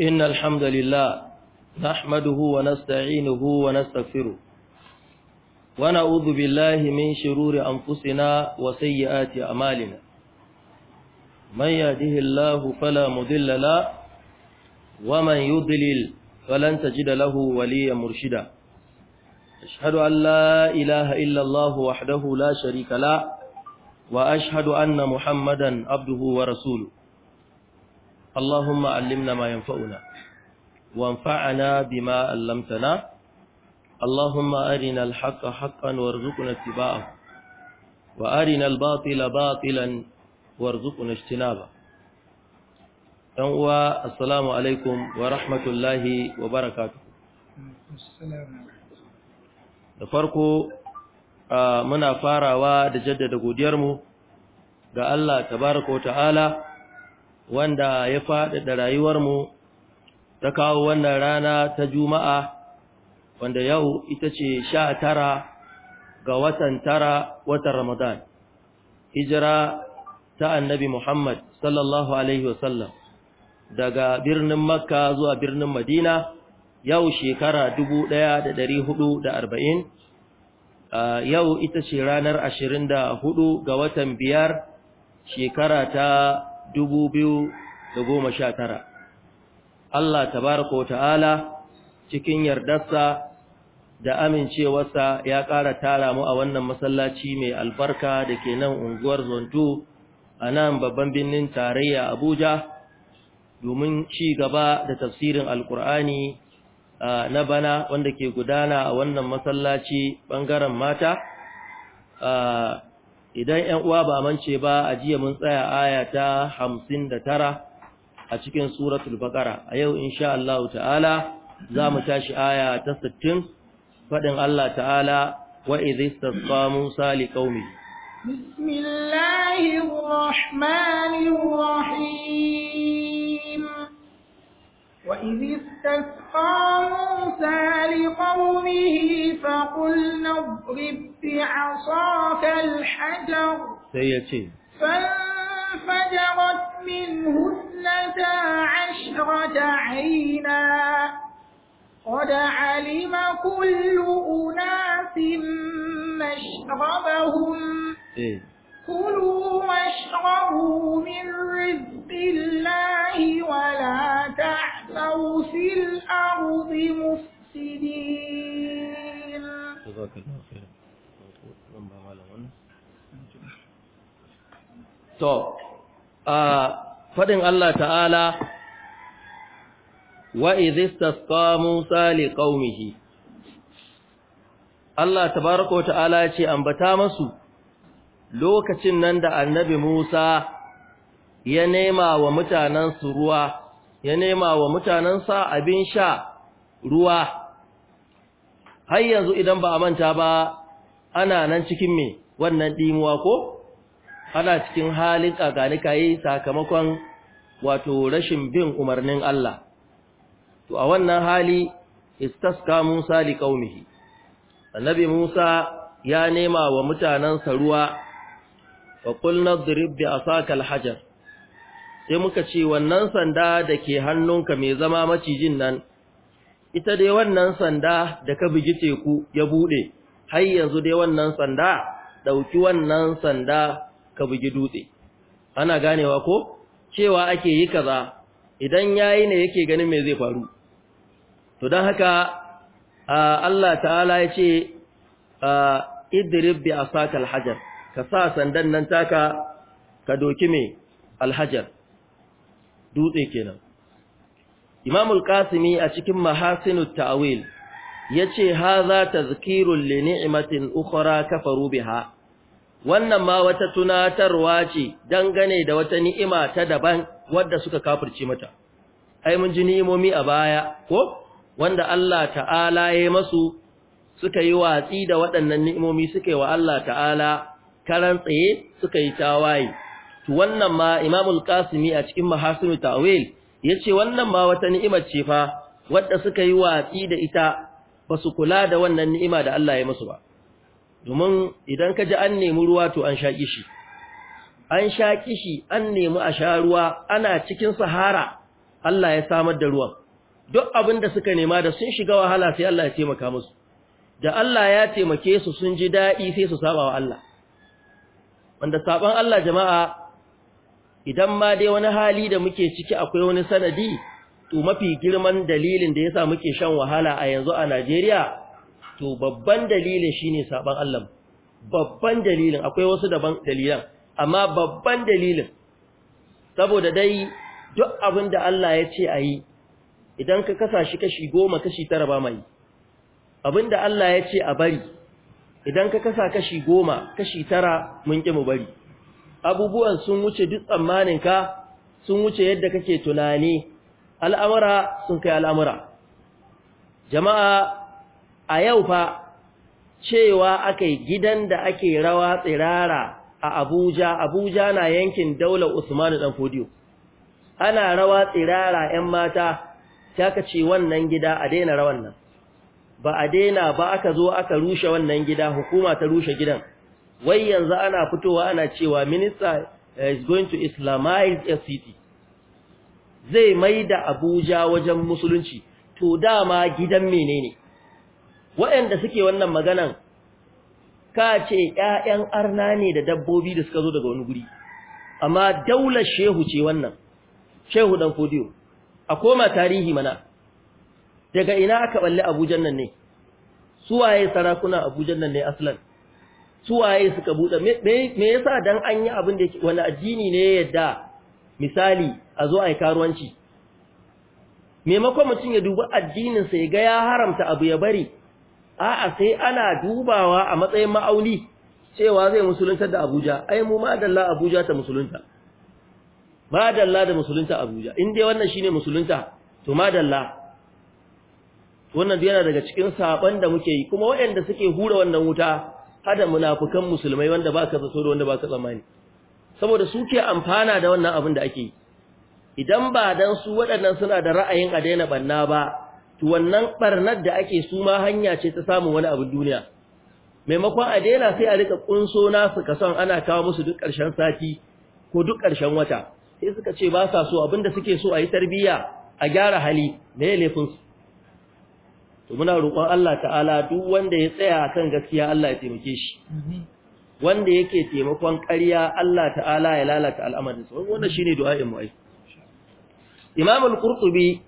إن الحمد لله نحمده ونستعينه ونستغفره ونعوذ بالله من شرور أنفسنا وسيئات أمالنا من يهده الله فلا مذل له ومن يضلل فلن تجد له وليا مرشدا أشهد أن لا إله إلا الله وحده لا شريك له وأشهد أن محمدا عبده ورسوله اللهم علمنا ما ينفعنا وانفعنا بما علمتنا اللهم أرنا الحق حقا وارزقنا اتباعه وأرنا الباطل باطلا وارزقنا اجتنابه yanwa assalamu alaikum wa rahmatullahi wa barakatu da farko muna farawa da jaddada godiyarmu ga Allah tabaraka wa ta'ala wanda ya faɗaɗa rayuwarmu ta kawo wannan rana ta juma'a wanda yau ita ce sha tara ga watan tara watan ramadan hijira ta annabi muhammad sallallahu alaihi wasallam daga birnin makka zuwa birnin madina yau shekara dubu ɗaya da da hudu arba'in, yau ita ce ranar ashirin da hudu ga watan biyar shekara ta tara. Allah tabaraka ta'ala cikin yardarsa da amincewarsa ya ƙara tara mu a wannan masallaci mai albarka da ke nan unguwar zonto a nan babban birnin tarayya Abuja domin ci gaba da tafsirin Alƙur'ani na bana wanda ke gudana a wannan masallaci ɓangaren mata idan ‘yan uwa ba mance ba a jiya mun tsaya aya ta hamsin da tara a cikin suratul baƙara a yau insha Allah ta'ala za mu tashi aya ta sittin faɗin Allah ta'ala wa idhis Musa li qaumi wa موسى لقومه فقلنا اضرب بعصاك الحجر سيأتي فانفجرت منه اثنتا عشرة عينا قد علم كل أناس مشربهم إيه كلوا واشربوا من رزق الله ولا تعثوا في الأرض مفسدين جزاك الله خيرا To, faɗin Allah ta'ala, wa izistas Musa li ƙaumihi, Allah tabaraka ta'ala ce, ambata masu lokacin nan da annabi Musa ya nema wa mutanensu ruwa, ya nema wa mutanensa abin sha ruwa, har yanzu idan ba a manta ba ana nan cikin me wannan ɗimuwa ko? Ana cikin halin ƙaƙanika yi sakamakon wato rashin bin umarnin Allah. To, a wannan hali, istaska Musa li ƙaunihi. annabi Musa ya nema wa mutanensa ruwa wa qulna idrib bi asaka alhajar sai muka ce wannan sanda da ke hannunka mai zama macijin nan ita dai wannan sanda da ka bugi teku ya bude har yanzu dai wannan sanda ɗauki wannan sanda ka bugi dutse ana ganewa ko cewa ake yi kaza idan yayi ne yake ganin me zai faru to don haka Allah ta'ala ya ce idrib bi sakal hajar ka sa sandan nan taka ka doki mai alhajar dutse kenan imamul kasimi a cikin mahasinu ta'awil ya ce haza tazkirun li ni'matin ukhra kafaru biha wannan ma wata tunatarwa ce dangane da wata ni'ima ta daban wadda suka kafirce mata ai mun ji ni'imomi a baya ko wanda Allah ta'ala ya masu suka yi watsi da waɗannan ni'imomi suka yi wa Allah ta'ala karan tsaye suka yi tawaye to wannan ma Imam al-Qasimi a cikin Mahasin Ta'wil yace wannan ma wata ni'imar ce fa wadda suka yi watsi da ita basu kula da wannan ni'ima da Allah ya musu ba domin idan ka ji an nemi ruwa to an sha kishi an sha kishi an nemi a sha ruwa ana cikin sahara Allah ya samar da ruwan duk abin da suka nema da sun shiga wahala sai Allah ya taimaka musu da Allah ya taimake su sun ji daɗi sai su saba wa Allah wanda saban Allah jama'a idan ma dai wani hali da muke ciki akwai wani sanadi to mafi girman dalilin da yasa muke shan wahala a yanzu a Najeriya to babban dalilin shine saban Allah babban dalilin akwai wasu daban dalilan amma babban dalilin saboda dai duk abin da Allah ya ce ayi idan ka kasa shi kashi goma kashi tara ba mai abin da Allah ya ce a bari idan ka kasa kashi goma kashi tara mun ƙi mu bari abubuwan sun wuce duk tsammaninka sun wuce yadda kake tunani al'amura sun kai al'amura jama'a a yau fa cewa aka gidan da ake rawa tsirara a abuja abuja na yankin daular usmanu dan fodiyo ana rawa tsirara 'yan mata ta kace wannan gida a daina rawan nan ba a daina ba aka zo aka rushe wannan gida hukuma ta rushe gidan wai yanzu ana fitowa ana cewa Minista eh, is going to islamize a city zai maida Abuja wajen musulunci to dama gidan menene waɗanda suke wannan maganan ka ce ƴaƴan arna ne da dabbobi da suka zo daga wani guri amma daular shehu ce wannan shehu dan kodiyo a koma tarihi mana daga ina aka balle abujan nan ne suwaye sarakuna abujan nan ne aslan suwaye suka buɗe me yasa dan an yi abin da wani addini ne yadda misali a zo a yi karuwanci maimakon mutum ya dubi addininsa ya ga ya haramta abu ya bari a'a sai ana dubawa a matsayin ma'auni cewa zai musulunta da Abuja ai mu madalla Abuja ta musulunta madalla da musulunta Abuja in dai wannan shine musulunta to madalla wannan yana daga cikin saban da muke yi kuma waɗanda suke hura wannan wuta hada munafukan musulmai wanda ba zato da wanda ba ka tsammani saboda su ke amfana da wannan abin da ake yi idan ba dan su waɗannan suna da ra'ayin a daina banna ba to wannan barnar da ake su ma hanya ce ta samun wani abin duniya maimakon a daina sai a rika kunso na suka son ana kawo musu duk ƙarshen sati ko duk ƙarshen wata sai suka ce ba sa so abin da suke so a yi tarbiyya a gyara hali me laifin laifinsu to muna roƙon Allah ta'ala duk wanda ya tsaya kan gaskiya Allah ya taimake shi wanda yake taimakon ƙarya Allah ta'ala ya lalata al'amarinsa wannan shine du'a'in mu ai Imam al-Qurtubi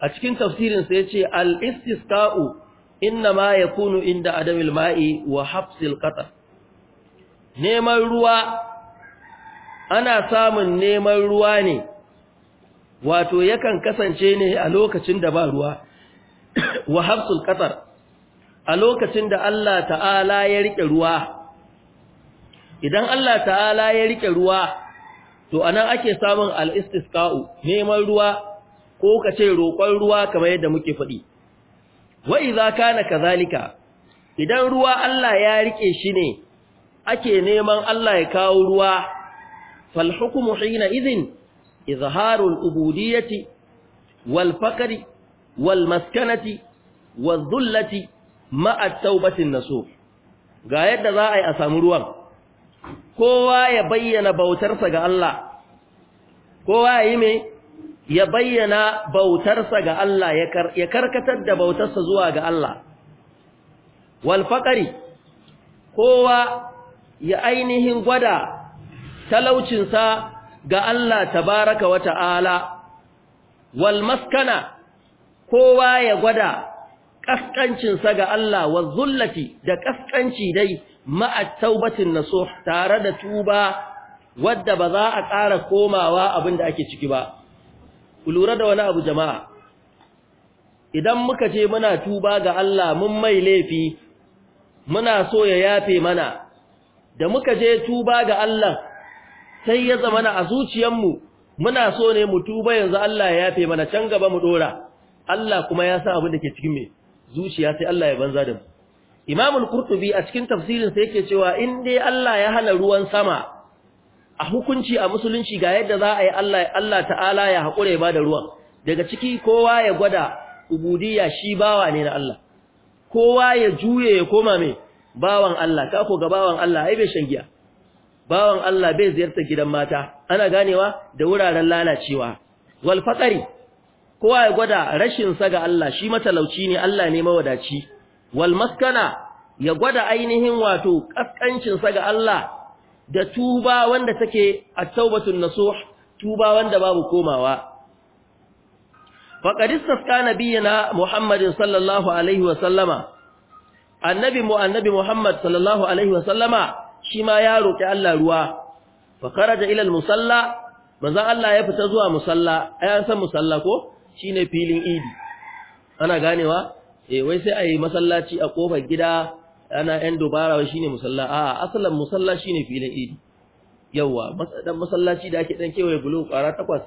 a cikin tafsirinsa sa yace al-istisqa'u inna ma yakunu inda adamil ma'i wa hafsil qata neman ruwa ana samun neman ruwa ne wato yakan kasance ne a lokacin da ba ruwa wa hafsul qatar a lokacin da Allah ta'ala ya rike ruwa idan Allah ta'ala ya rike ruwa to anan ake samun al-istisqa'u neman ruwa ko kace roƙon ruwa kamar yadda muke faɗi wa idza kana kazalika idan ruwa Allah ya rike shi ne ake neman Allah ya kawo ruwa fal hukmu hina idhin izharul ubudiyyati wal faqri walmaskanati maskanati wal dhullati ma'a ga yadda za a yi a samu ruwan kowa ya bayyana bautarsa ga Allah kowa ya yi ya bayyana bautarsa ga Allah ya karkatar da bautarsa zuwa ga Allah Walfaƙari kowa ya ainihin gwada talaucinsa ga Allah tabaraka wa ta'ala wal maskana kowa ya gwada ƙasƙancinsa ga Allah wa zullati da ƙasƙanci dai ma'a taubatin tare da tuba wadda ba za a ƙara komawa abin da ake ciki ba ku lura da wani abu jama'a idan muka ce muna tuba ga Allah mun mai laifi muna so ya yafe mana da muka je tuba ga Allah sai ya zama na a zuciyanmu, muna so ne mu tuba yanzu Allah ya yafe mana can gaba mu ɗora. Allah kuma ya san abin da ke cikin me zuciya sai Allah ya banza da mu Imam al a cikin tafsirin sa yake cewa in dai Allah ya hana ruwan sama a hukunci a musulunci ga yadda za a yi Allah Allah ta'ala ya ya ba da ruwan daga ciki kowa ya gwada ubudiyya shi bawa ne na Allah kowa ya juye ya koma me bawan Allah ka ko ga bawan Allah ai bai shan bawan Allah bai ziyarta gidan mata ana ganewa da wuraren lalacewa wal kowa ya gwada rashin sa ga Allah shi matalauci ne Allah ne mawadaci wal maskana ya gwada ainihin wato kaskancin ga Allah da tuba wanda take at-taubatun nasuh tuba wanda babu komawa faqad istasqa nabiyina muhammadin sallallahu alaihi wa sallama annabi mu annabi muhammad sallallahu alaihi wa sallama shi ma ya roki Allah ruwa fa kharaja ila al-musalla manzon Allah ya fita zuwa musalla ayan san musalla ko ne filin idi ana ganewa e wai sai a yi masallaci a kofar gida ana yan dubara shine musalla a asalan musalla shine filin idi yawwa dan masallaci da ake dan kewaye bulu kwara takwas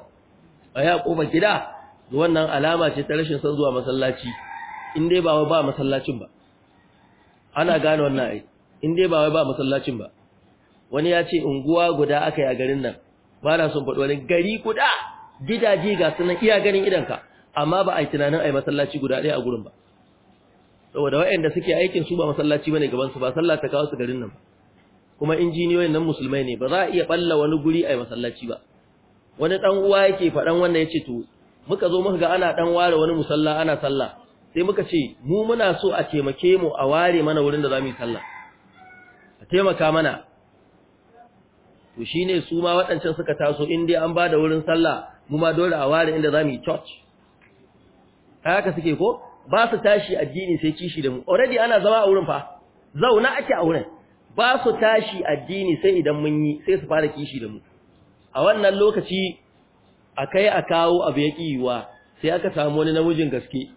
a ya kofar gida wannan alama ce ta rashin son zuwa masallaci in dai ba wai ba masallacin ba ana gane wannan ai in dai ba wai ba masallacin ba wani ya ce unguwa guda aka yi a garin nan ba na son faɗi wani gari guda gidaje ga sunan iya ganin idanka amma ba a yi tunanin a yi masallaci guda ɗaya a gurin ba saboda wa'anda suke aikin su ba masallaci bane gaban su ba sallah ta kawo su garin nan kuma injiniyoyin nan musulmai ne ba za a iya balla wani guri a yi masallaci ba wani dan uwa yake faɗan wannan ce to muka zo muka ga ana dan ware wani musalla ana sallah sai muka ce mu muna so a taimake mu a ware mana wurin da za mu yi sallah a taimaka mana to shine su ma waɗancan suka taso in dai an ba da wurin sallah mu ma dole a ware inda za mu yi church haka suke ko ba su tashi addini sai kishi da mu already ana zama a wurin fa zauna ake a wurin ba su tashi addini sai idan mun yi sai su fara kishi da mu a wannan lokaci a kai a kawo abu ya kiwa sai aka samu wani namijin gaske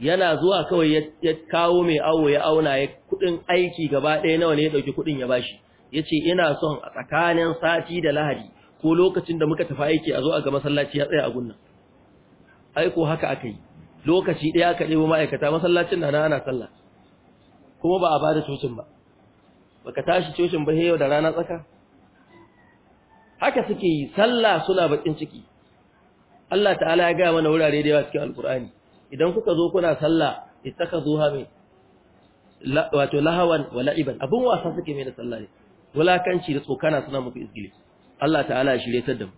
yana zuwa kawai ya kawo mai awo ya auna ya kudin aiki gaba ɗaya nawa ne ya dauki kudin ya bashi ya ce ina son a tsakanin sati da lahadi ko lokacin da muka tafi aiki a zo a ga masallaci ya tsaya a gunna ko haka aka yi lokaci ɗaya aka ɗebo ma'aikata masallacin na ana sallah kuma ba a bada cocin ba baka tashi cocin ba yau da rana tsaka haka suke yi sallah suna bakin ciki Allah ta'ala ya gaya mana wurare da yawa cikin alkur'ani idan kuka zo kuna sallah ittakhazuha min wato lahawan wa la'iban abun wasa suke mai da sallah ne wulakanci da tsokana suna muku izgili Allah ta'ala ya shirye da mu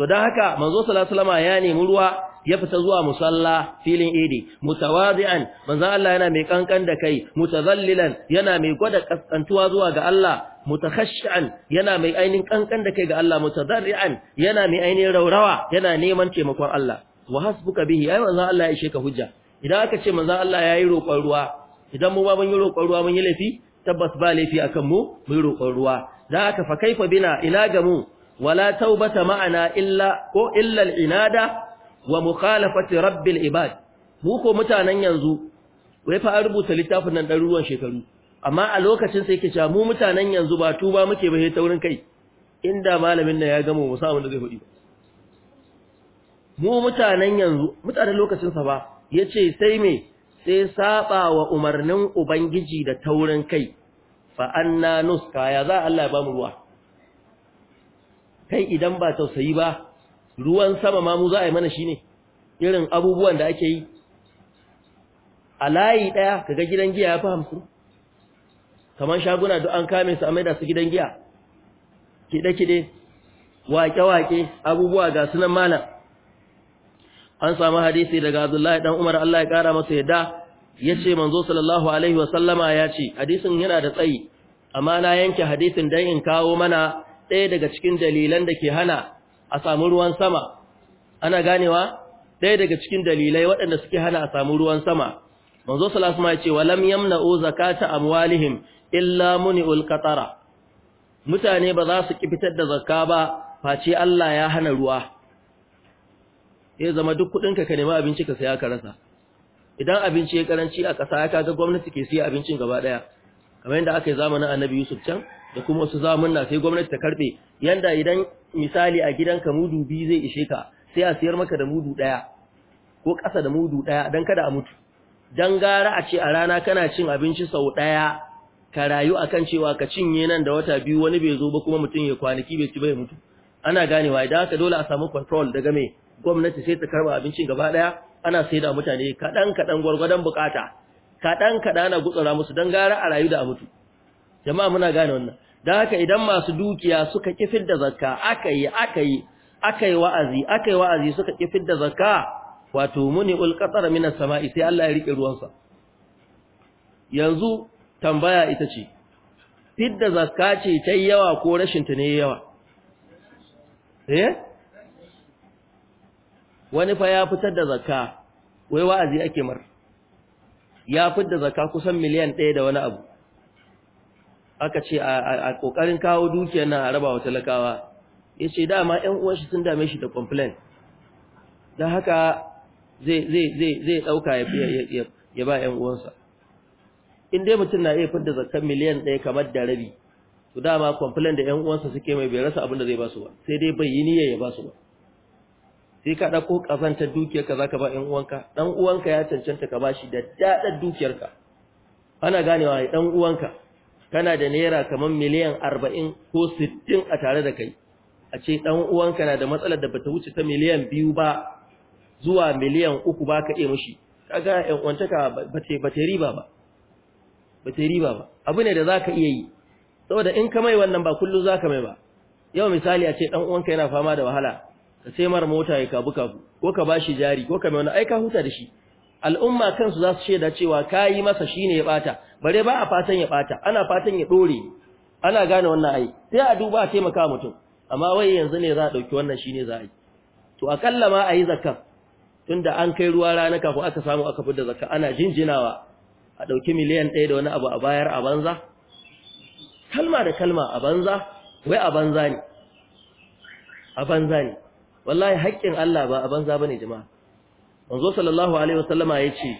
to dan haka manzo sallallahu alaihi wasallam ya nemi ruwa ya fita zuwa musalla filin idi mutawadi'an manzo Allah yana mai kankan da kai mutazallilan yana mai gwada kaskantuwa zuwa ga Allah mutakhashshan yana mai ainin kankan da kai ga Allah mutadarri'an yana mai ainin raurawa yana neman taimakon Allah wa hasbuka bihi ai manzo Allah ya ishe ka hujja idan aka ce manzo Allah yayi roƙon ruwa idan mu ba mun yi roƙon ruwa mun yi laifi tabbas ba laifi akan mu mun roƙon ruwa da aka fa kaifa bina ina ga mu wala taubata ma'ana illa ko illa al'inada wa mukhalafati rabbil ibad mu ko mutanen yanzu wai fa an rubuta littafin nan ɗaruruwan shekaru amma a lokacin sai yake cewa mu mutanen yanzu ba tuba muke ba sai taurin kai inda malamin nan ya gama mu samu da zai faɗi mu mutanen yanzu mutanen lokacin sa ba yace sai me sai saɓa wa umarnin ubangiji da taurin kai fa anna nuska ya za Allah ya bamu ruwa kai idan ba tausayi ba ruwan sama ma mu za a yi mana shine irin abubuwan da ake yi a layi daya kaga gidan giya ya fi hamsin kamar shaguna duk an kame su a maida su gidan giya kide-kide wake-wake abubuwa ga sunan mana. an samu hadisi daga Abdullahi dan Umar Allah ya kara masa yadda yace manzo sallallahu alaihi wa sallama ce hadisin yana da tsayi amma na yanke hadisin dan in kawo mana ɗaya daga cikin dalilan da ke hana a samu ruwan sama ana ganewa ɗaya daga cikin dalilai waɗanda suke hana a samu ruwan sama manzo Salasu ma ce ya ce walam yamna'u zakata amwalihim illa muni ulkatara, mutane ba za su ki da zakka ba face Allah ya hana ruwa ya zama duk kudinka ka nemi abinci ka saya ka rasa idan abinci ya karanci a ƙasa ya kaga gwamnati ke siya abincin gaba ɗaya. kamar yadda aka yi zamanin Annabi Yusuf can da kuma wasu zamunna sai gwamnati ta karbe yanda idan misali a gidan ka mudu biyu zai ishe ka sai a siyar maka da mudu daya ko ƙasa da mudu daya dan kada a mutu dan gara a ce a rana kana cin abinci sau ɗaya ka rayu a kan cewa ka cinye nan da wata biyu wani bai zo ba kuma mutum ya kwanaki bai ci bai mutu ana ganewa idan haka dole a samu control daga mai gwamnati sai ta karba abincin gaba daya ana sai da mutane kadan kadan gwargwadon bukata kadan kadan ana gutsura musu dan gara a rayu da a mutu jama'a muna gane wannan dan haka idan masu dukiya suka kifir da zakka aka yi akai wa'azi akai wa'azi suka kifir da zakka wato muni ulqatar minas sama'i sai Allah ya rike ruwansa yanzu tambaya ita ce fidda zakka ce ta yawa ko rashin ta ne yawa eh wani fa ya fitar da zakka wai wa'azi ake mar ya fidda zakka kusan miliyan 1 da wani abu aka ce a kokarin kawo dukiyar nan a raba wa talakawa ya ce dama ‘yan uwanshi sun dame shi da complain don haka zai ɗauka ya ba ‘yan uwansa in dai mutum na iya fidda zakar miliyan ɗaya kamar da rabi to dama complain da ‘yan uwansa suke mai bai rasa abin da zai ba su ba sai dai bai yi niyyar ya ba su ba sai ka ɗauko ƙazantar dukiyarka za ka ba ‘yan uwanka ɗan uwanka ya cancanta ka ba shi da daɗar dukiyarka ana ganewa ɗan uwanka kana da naira kamar miliyan arba'in ko sittin a tare da kai a ce ɗan uwanka na da matsalar da bata wuce ta miliyan biyu ba zuwa miliyan uku ba ka iya mashi kaga ƴan uwantaka ba ta riba ba ba ta riba ba abu ne da za ka iya yi saboda in ka mai wannan ba kullum za ka mai ba yau misali a ce ɗan uwanka yana fama da wahala ka sai mar mota ya kabu kabu ko ka bashi jari ko ka mai wani ai ka huta da shi al'umma kansu za su shaida cewa kayi masa shine ya bata bare ba a fatan ya bata ana fatan ya dore ana gane wannan ai sai a duba a taimaka mutum amma wai yanzu ne za a dauki wannan shine za a yi to akalla ma a yi zakka tunda an kai ruwa rana kafu aka samu aka fidda zakka ana jinjinawa a dauki miliyan 1 da wani abu a bayar a banza kalma da kalma a banza wai a banza ne a banza ne wallahi haƙƙin Allah ba a banza bane jama'a manzo sallallahu alaihi wasallama yace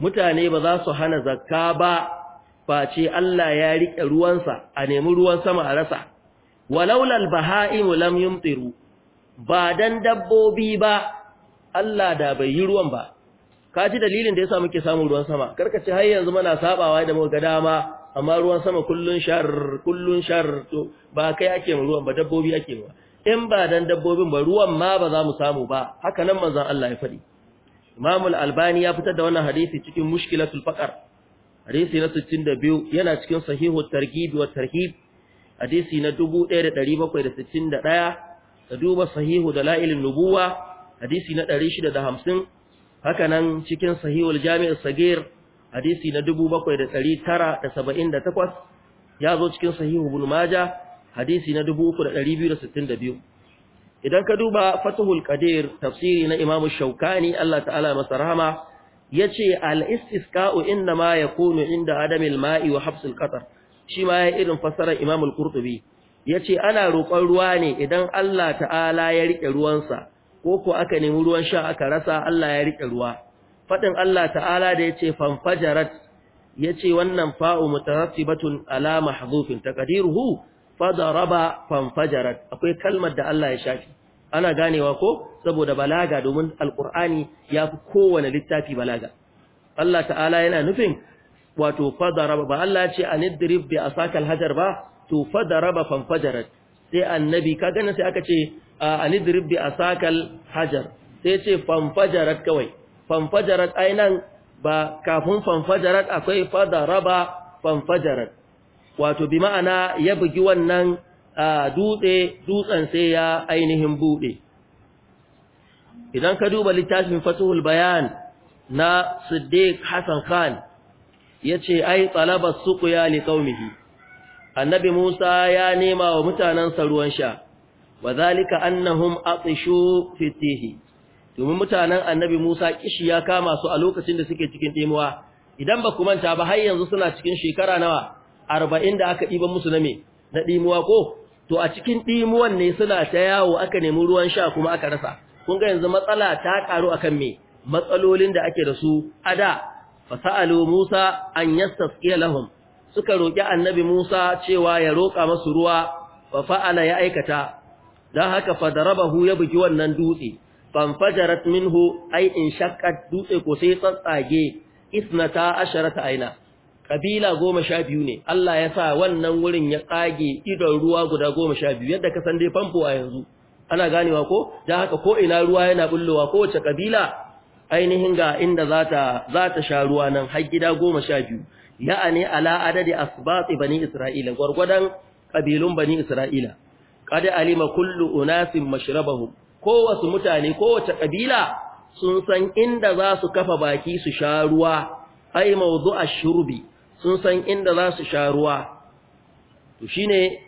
mutane ba za su hana zakka ba face Allah ya rike ruwansa a nemi ruwan sama a rasa walaula albaha'im lam yumtiru ba dan dabbobi ba Allah da bai yi ruwan ba ka ji dalilin da yasa muke samun ruwan sama karkace har yanzu muna sabawa da muka dama amma ruwan sama kullun shar kullun shar to ba kai ake mu ruwan ba dabbobi ake ba in ba dan dabbobin ba ruwan ma ba za mu samu ba haka nan manzon Allah ya faɗi Imam al-Albani ya fitar da wannan hadisi cikin Mushkilatul Faqar hadisi na 62 yana cikin Sahihu Targhib wa Tarhib hadisi na 1761 da duba Sahihu an Nubuwa hadisi na 650 haka nan cikin Sahihul Jami' as-Saghir hadisi na 7978 ya zo cikin Sahihu Ibn Majah hadisi na 3262 idan ka duba fatuhul qadir tafsiri na imamu shaukani Allah ta'ala masa rahama yace al-istisqa'u inna ma yakunu inda adamil ma'i wa habsul qatar shi ma ya irin fasarar imamul qurtubi yace ana roƙon ruwa ne idan Allah ta'ala ya rike ruwansa ko ko aka nemi ruwan sha aka rasa Allah ya rike ruwa fadin Allah ta'ala da yace fanfajarat yace wannan fa'u mutarattibatun ala mahdhufin taqdiruhu fadaraba fanfajarat akwai kalmar da Allah ya shafi ana ganewa ko saboda balaga domin alqur'ani fi kowane littafi balaga Allah ta'ala yana nufin wato fadaraba ba Allah ce anidrib bi asakal hajar ba to fadaraba fanfajarat sai annabi ka gane sai aka ce anidrib bi asakal hajar sai ce fanfajarat kawai fanfajarat nan, ba kafin fanfajarat akwai fadaraba fanfajarat wato bi ma'ana ya bugi wannan a dutse dutsen sai ya ainihin bude idan ka duba littafin fatuhul bayan na siddiq hasan khan yace ai talaba ya li qaumihi annabi musa ya nema wa mutanansa ruwan sha wadhalika annahum atishu fitihi domin mutanen annabi musa kishi ya kama su a lokacin da suke cikin dimuwa idan ba ku manta ba har yanzu suna cikin shekara nawa 40 da aka diba musu na me na dimuwa ko to a cikin ɗimuwan ne suna ta yawo aka nemi ruwan sha kuma aka rasa kun ga yanzu matsala ta karu akan me matsalolin da ake da su ada da Musa an yastasqiya lahum suka roki annabi Musa cewa ya roka masu ruwa fa fa'ala ya aikata dan haka fa darabahu ya bugi wannan dutse fanfajarat minhu ay in shaqqat dutse ko sai tsatsage isnata asharata aina kabila goma sha biyu ne Allah ya sa wannan wurin ya tsage idon ruwa guda goma sha biyu yadda ka san dai famfo a yanzu ana ganewa ko da haka ko ina ruwa yana bullowa kowace kabila ainihin ga inda zata zata sha ruwa nan har gida goma sha biyu ya'ani ala adadi asbati bani isra'ila gurgudan kabilun bani isra'ila qad alima kullu unasin mashrabahum wasu mutane kowace kabila sun san inda za su kafa baki su sha ruwa ai mawdu'a shurbi sun san inda za su sha ruwa to shi ne,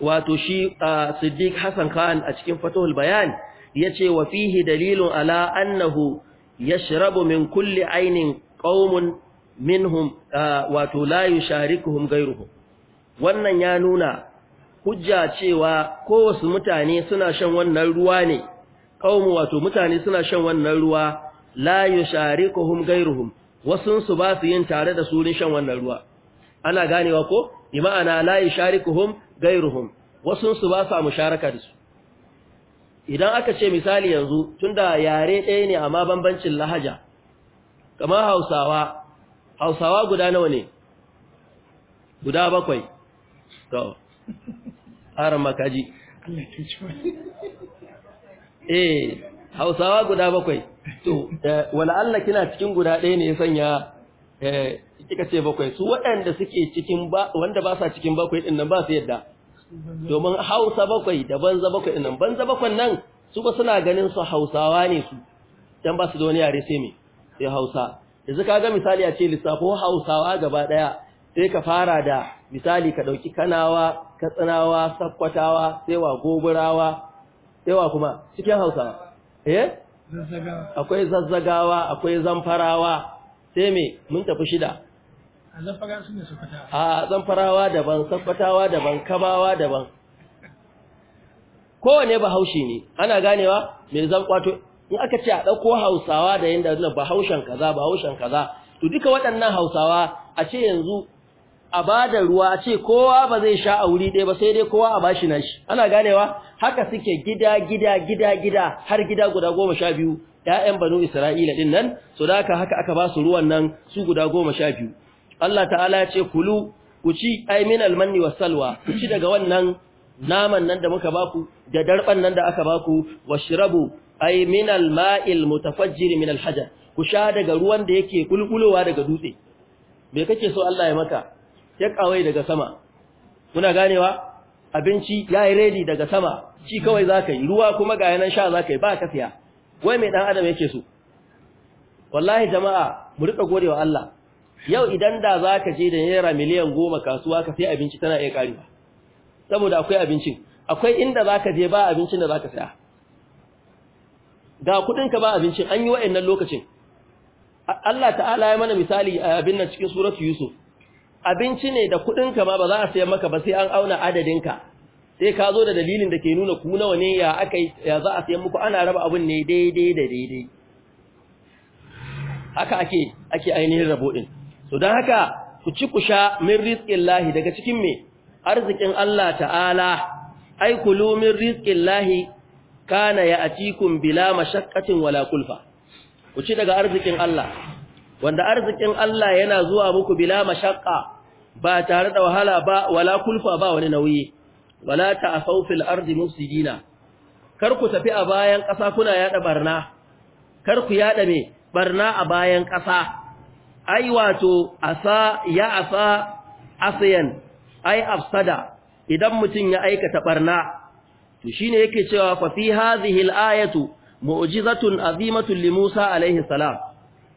wato shi Siddiq Hassan Khan a cikin Fathul Bayan ya wa fihi dalilin ala annahu ya shirabu min kulle ainihin qaumun minhum wato layu sharikuhun gairuhu wannan ya nuna hujja cewa kowasu mutane suna shan wannan ruwa ne qaumu wato mutane suna shan wannan ruwa layu sharikuhun gairuhun wasunsu ba su yin tare da surin shan wannan ruwa ana ganewa ko bi ma'ana la yusharikuhum gairuhum wasunsu ba su musharaka da su idan aka ce misali yanzu tunda yare ɗaya ne amma bambancin lahaja kamar Hausawa Hausawa guda nawa ne guda bakwai to aran makaji eh hausawa guda bakwai to eh, wala Allah kina cikin guda ɗaya ne ya sanya eh, kika ce bakwai su waɗanda suke cikin ba wanda ba sa cikin bakwai ɗin nan ba su yadda domin hausa bakwai da banza bakwai ɗin nan banza bakwai nan su ba suna ganin su hausawa ne su dan ba su da wani yare sai me sai hausa yanzu ga misali a ce lissafo hausawa gaba ɗaya sai ka fara da misali ka ɗauki kanawa katsinawa sakkwatawa sai wa goburawa sai wa kuma cikin hausawa eh akwai zazzagawa akwai zamfarawa sai me mun tafi shida a zamfarawa daban sabbatawa daban kabawa daban kowane bahaushe ne ana ganewa mai zamfato in aka ce a ɗauko hausawa da yadda bahaushen kaza bahaushen kaza to duka waɗannan hausawa a ce yanzu a bada ruwa a ce kowa ba zai sha a wuri ɗaya ba sai dai kowa a bashi nashi ana ganewa haka suke gida gida gida gida har gida guda goma sha biyu ‘ya'yan banu Isra'ila ɗin nan, so da haka haka aka ba su ruwan nan su guda goma sha biyu. Allah ta'ala ya ce, Kulu, ku ci aimin almanni wa salwa, ku ci daga wannan naman nan da muka baku, da darɓan nan da aka baku, wa shirabu aimin alma'il mutafajjiri min alhajar, ku sha daga ruwan da yake kulkulowa daga dutse. Me kake so Allah ya maka? ya kawai daga sama muna ganewa abinci ya yi redi daga sama ci kawai za ka yi ruwa kuma ga yanan sha za ka yi ba ka siya wai mai ɗan adam yake so wallahi jama'a mu rika gode wa Allah yau idan da za ka je da naira miliyan goma kasuwa ka sai abinci tana iya karewa, saboda akwai abincin akwai inda za ka je ba abincin da za ka saya ga kuɗinka ba abincin an yi wa'annan lokacin Allah ta'ala ya mana misali abin nan cikin suratu Yusuf abinci ne da kuɗinka ma ba za a sayan maka ba sai an auna adadinka sai ka zo da dalilin da ke nuna ku nawa ne ya aka ya za a sayan muku ana raba abin ne daidai da daidai haka ake ake ainihin rabo din so don haka ku ci ku sha min rizqillahi daga cikin me arzikin Allah ta'ala ai kulu min rizqillahi kana ya'tikum bila mashaqqatin wala kulfa ku ci daga arzikin Allah wanda arzikin Allah yana zuwa muku bila mashaqqa ba tare da wahala ba wala kulfa ba wani nauyi wala ta'asaw fil ardi mufsidina kar ku tafi a bayan ƙasa kuna yada barna kar ku yada me barna a bayan ƙasa ai wato asa ya asa asiyan ai afsada idan mutun ya aikata barna to shine yake cewa fa fi hadhihi al ayatu mu'jizatun azimatu li Musa alaihi salam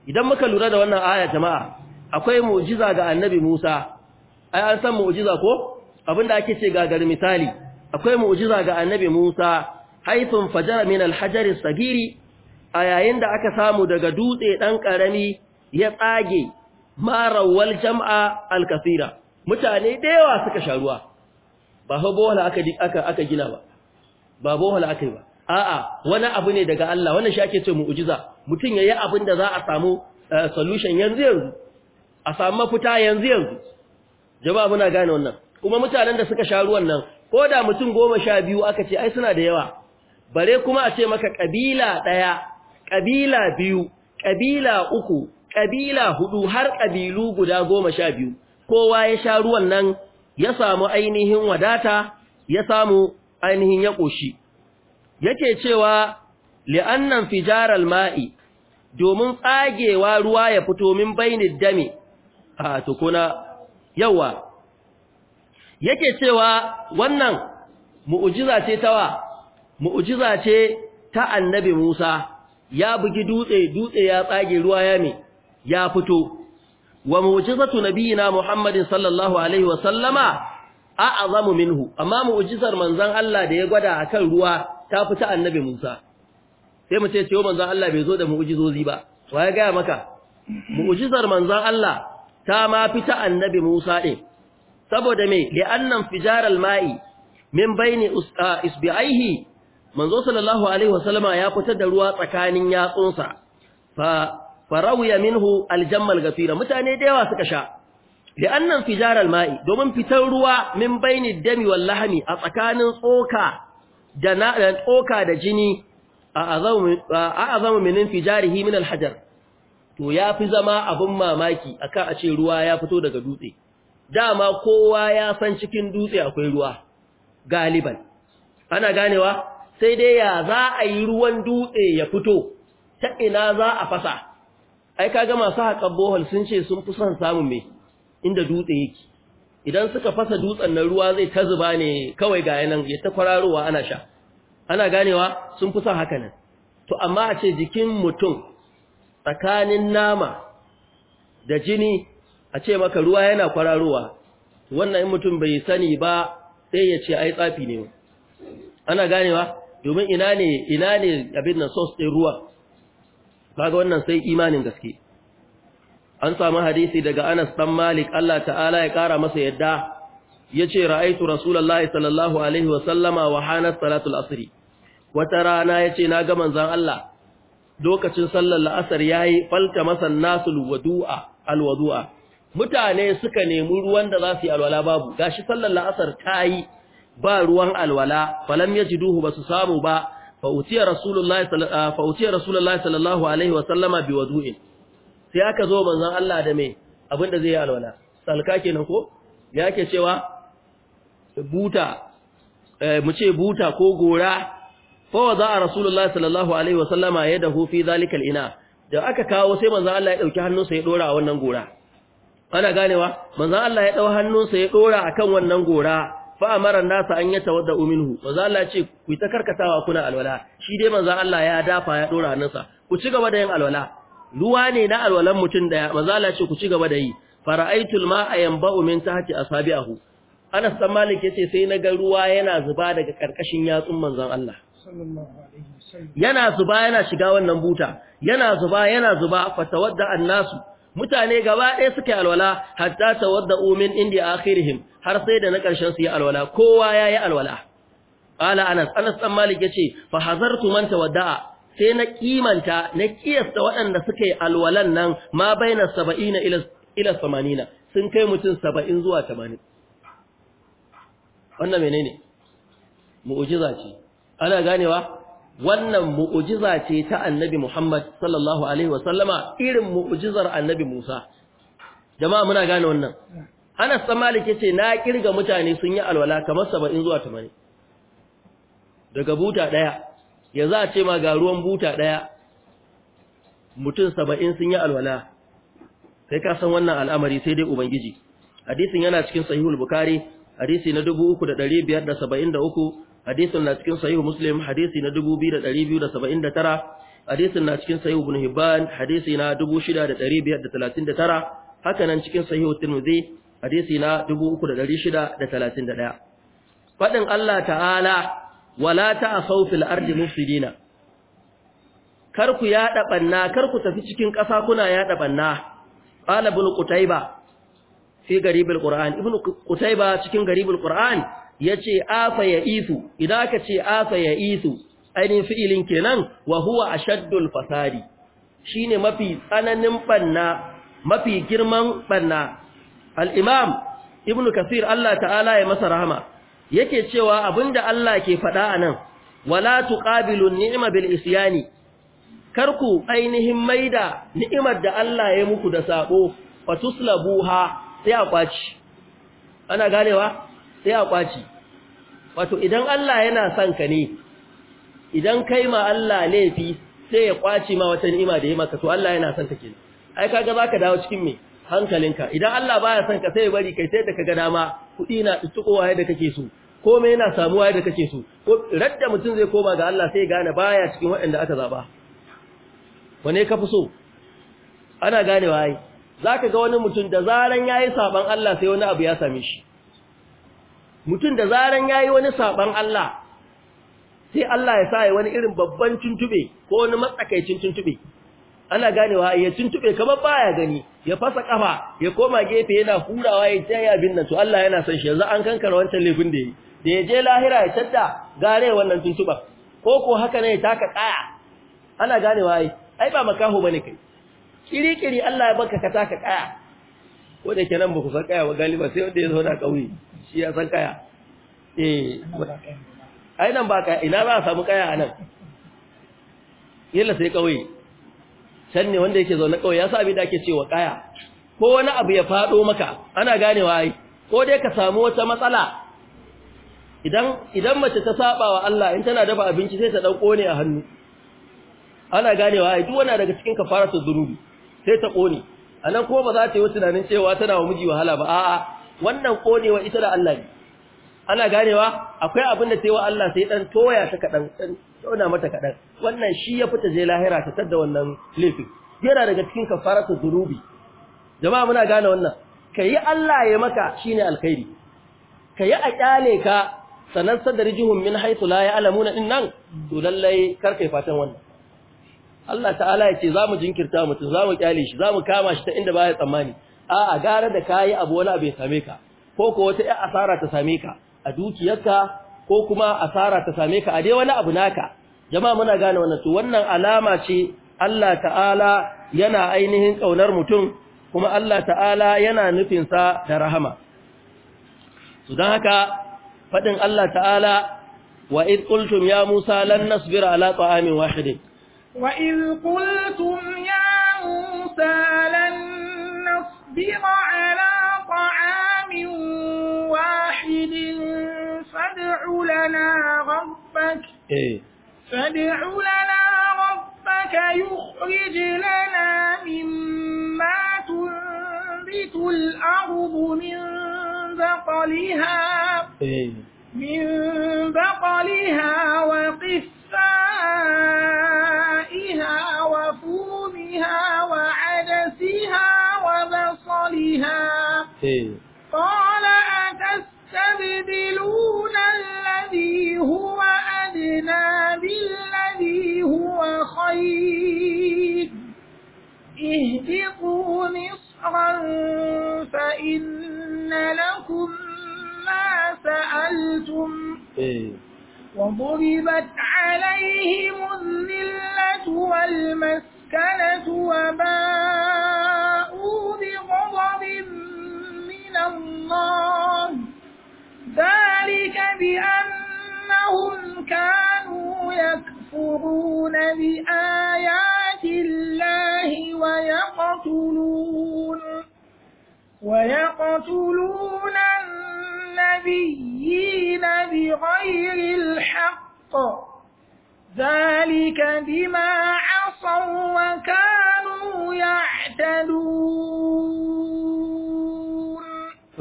idan muka lura da wannan aya jama'a akwai mu'jiza ga annabi Musa ai an san mu'jiza ko abinda ake ce gagar misali akwai mu'jiza ga annabi Musa haifin fajara min al-hajari sagiri a yayin da aka samu daga dutse dan karami ya tsage marawal jama'a al-kasira mutane da suka sharuwa ba hobola aka aka gina ba ba bohola aka yi ba a'a wani abu ne daga Allah wannan shi ake ce mu'jiza mutum yayi abin da za a samu eh, solution yanzu yanzu a samu mafita yanzu yanzu jama'a muna gane wannan kuma mutanen da suka sha ruwan nan ko da mutum goma sha biyu aka ce ai suna da yawa bare kuma a ce maka kabila daya kabila biyu kabila uku kabila hudu har kabilu guda goma sha biyu kowa ya sha ruwan nan ya samu ainihin wadata ya samu ainihin ya koshi yake cewa li'annan fijaral ma'i domin tsagewa ruwa ya fito min bainid dami a tukuna yawa yake cewa wannan mu'ujiza ce tawa mu'ujiza ce ta annabi Musa ya bugi dutse dutse ya tsage ruwa ya me ya fito wa mu'jizatu nabiyina Muhammadin sallallahu alaihi wa sallama a'azamu minhu amma mu'jizar manzon Allah da ya gwada akan ruwa ta fi annabi Musa sai mu ce ce manzon Allah bai zo da mu'jizozi ba to ya gaya maka mu'jizar manzon Allah ta ma fi annabi Musa din saboda me annan fijaral ma'i min baini isbi'aihi manzo sallallahu alaihi wasallama ya fitar da ruwa tsakanin yatsunsa fa farawiya minhu aljammal gafira mutane da yawa suka sha li'annan fijaral ma'i domin fitar ruwa min baini dami wal lahmi a tsakanin tsoka da tsoka da jini a azamu minin fijarihi min alhajar to ya fi zama abin mamaki aka a ce ruwa ya fito daga dutse dama kowa ya san cikin dutse akwai ruwa galiban ana ganewa sai dai ya za a yi ruwan dutse ya fito ta ina za a fasa ai kaga masu haƙar bohol sun ce sun fi son samun mai inda dutse yake idan suka fasa dutsen nan ruwa zai ta zuba ne kawai ga yanan ya ta kwararowa ana sha ana ganewa sun fi son haka nan to amma a ce jikin mutum tsakanin nama da jini a ce maka ruwa yana kwararowa wannan in mutum bai sani ba sai ya ce ai tsafi ne ana ganewa domin ina ne ina ne abin nan sos ɗin ruwa ga wannan sai imanin gaske an samu hadisi daga Anas dan Malik Allah ta'ala ya kara masa yadda yace ra'aitu rasulullahi sallallahu alaihi wa sallama wa hanat salatul asr wata rana yace na ga manzon Allah lokacin sallar la'asar yayi falta masan nasul al alwadu'a mutane suka nemi ruwan da za su yi alwala babu gashi sallar la'asar tayi ba ruwan alwala falam yajiduhu basu samu ba fa utiya rasulullahi sallallahu alaihi wa sallama biwadu'in sai aka zo manzon Allah da me abinda zai yi alwala salka kenan ko ya ke cewa buta eh, mu ce buta ko gora fa a rasulullahi sallallahu alaihi wasallama dahu fi zalikal ina da aka kawo sai manzon Allah ya dauki hannunsa ya dora wannan gora ana ganewa manzon Allah ya dau hannunsa ya dora akan wannan gora fa amara nasa an tawadda minhu manzon Allah ya ce ku ta karkatawa kuna alwala shi dai manzon Allah ya dafa ya dora hannunsa ku ci gaba da yin alwala ruwa ne na alwalan mutum daya mazala ce ku ci gaba da yi fara'aitul ma'a yanba'u min tahti asabi'ahu Anas dan Malik yace sai na ga ruwa yana zuba daga karkashin yatsun manzan Allah yana zuba yana shiga wannan buta yana zuba yana zuba fa tawadda annasu mutane gaba ɗaya suka yi alwala hatta tawadda umin indi akhirihim har sai da na karshen su yi alwala kowa yayi alwala qala Anas Anas dan Malik yace fa hazartu man tawadda sai na kimanta na kiyasta waɗanda suka yi alwalan nan ma baina saba'ina ila samanina sun kai mutum saba'in zuwa tamanin wannan menene mu'ujiza ce ana ganewa wannan mu'ujiza ce ta annabi Muhammad sallallahu alaihi wasallama irin mu'ujizar annabi Musa jama'a muna gane wannan ana dan ke ce na kirga mutane sun yi alwala kamar saba'in zuwa tamanin daga buta ɗaya. Ya za a ce ma ga ruwan buta ɗaya mutum saba'in sun yi alwala kai ka san wannan al'amari sai dai ubangiji hadisin yana cikin sahihul bukari hadisi na dubu uku da ɗari biyar da saba'in da uku hadisin na cikin sahihu muslim hadisi na dubu biyu da ɗari biyu da saba'in da tara hadisin na cikin sahihu ibn hibban hadisi na dubu shida da ɗari biyar da talatin da tara haka nan cikin sahihu tirmidhi hadisi na dubu uku da ɗari shida da talatin da ɗaya faɗin allah ta'ala wala a fil ardi mufsidina kar ku yada banna kar ku tafi cikin ƙasa kuna yada banna qala ibn fi ibn qutayba cikin garibul ya yace afa ya'isu idan ka ce afa ya'isu ainihin fi'ilin kenan wa huwa fasari. Shi shine mafi tsananin ɓanna, mafi girman ɓanna. al-imam ibnu kasir Allah ta'ala ya masa rahama yake cewa abinda Allah ke faɗa anan wala tuqabilu ni'ma bil isyani karku ainihin maida ni'imar da Allah ya muku da sako fatuslabuha sai a kwaci ana ganewa sai a kwaci wato idan Allah yana son ka ne idan kai ma Allah laifi sai ya kwaci ma wata ni'ima da ya maka to Allah yana son ka kenan ai kaga zaka dawo cikin me hankalinka idan Allah baya son ka sai ya bari kai sai da kaga dama kuɗi na tsitsukowa yadda kake so me yana samuwa yadda kake so ko radda mutum zai koma ga Allah sai gane baya cikin waɗanda aka zaba wane ka fi so ana ganewa ai zaka ga wani mutum da zaran yayi saban Allah sai wani abu ya same shi mutum da zaran yayi wani saban Allah sai Allah ya sa ya wani irin babban tuntube ko wani matsakaicin tuntube ana ganewa ya tuntube kamar baya gani ya fasa kafa ya koma gefe yana hurawa ya taya abin nan to Allah yana son shi yanzu an kankara wancan laifin da yi da ya je lahira ya tadda gare wannan tuntuba ko ko haka ne taka kaya ana gane ai ai ba makaho bane kai kiri Allah ya baka ka taka tsaya ko da kenan ba ku san kaya ba galiba sai wanda ya zo na kauye shi ya san kaya eh ai nan ba kaya ina za a samu kaya anan yalla sai kauye can ne wanda yake zaune kawai ya sa abin da ake cewa kaya ko wani abu ya fado maka ana ganewa ai ko dai ka samu wata matsala idan idan mace ta saba wa Allah in tana dafa abinci sai ta dauko ne a hannu ana ganewa ai duk wanda daga cikin kafaratu zurubi sai ta kone anan ko ba za ta yi tunanin cewa tana wa miji wahala ba a'a wannan wa ita da Allah ne ana ganewa akwai abin da sai wa Allah sai dan toya ta kadan tauna mata kaɗan wannan shi ya fita je lahira ta da wannan laifin yana daga cikin kafaratu zunubi jama'a muna gane wannan kayi Allah ya maka shine alkhairi kayi a kyale ka sanan sadrijuhum min haythu la ya'lamuna din nan to lallai kar kai fatan wannan Allah ta'ala ya ce zamu jinkirta mutum zamu kyale shi zamu kama shi ta inda baya tsammani a'a gara da kayi abu wani abu ya same ka ko ko wata asara ta same ka a dukiyarka ko kuma asara ta same ka a dai wani abu naka jama'a muna gane wannan to wannan alama ce Allah ta'ala yana ainihin kaunar mutum kuma Allah ta'ala yana nufin sa da rahama to dan haka fadin Allah ta'ala wa id qultum ya Musa lan nasbira ala ta'amin wahid wa id qultum ya Musa lan nasbira ala إيه. فادع لنا ربك يخرج لنا مما تنبت الأرض من بقلها إيه. من بقلها وقف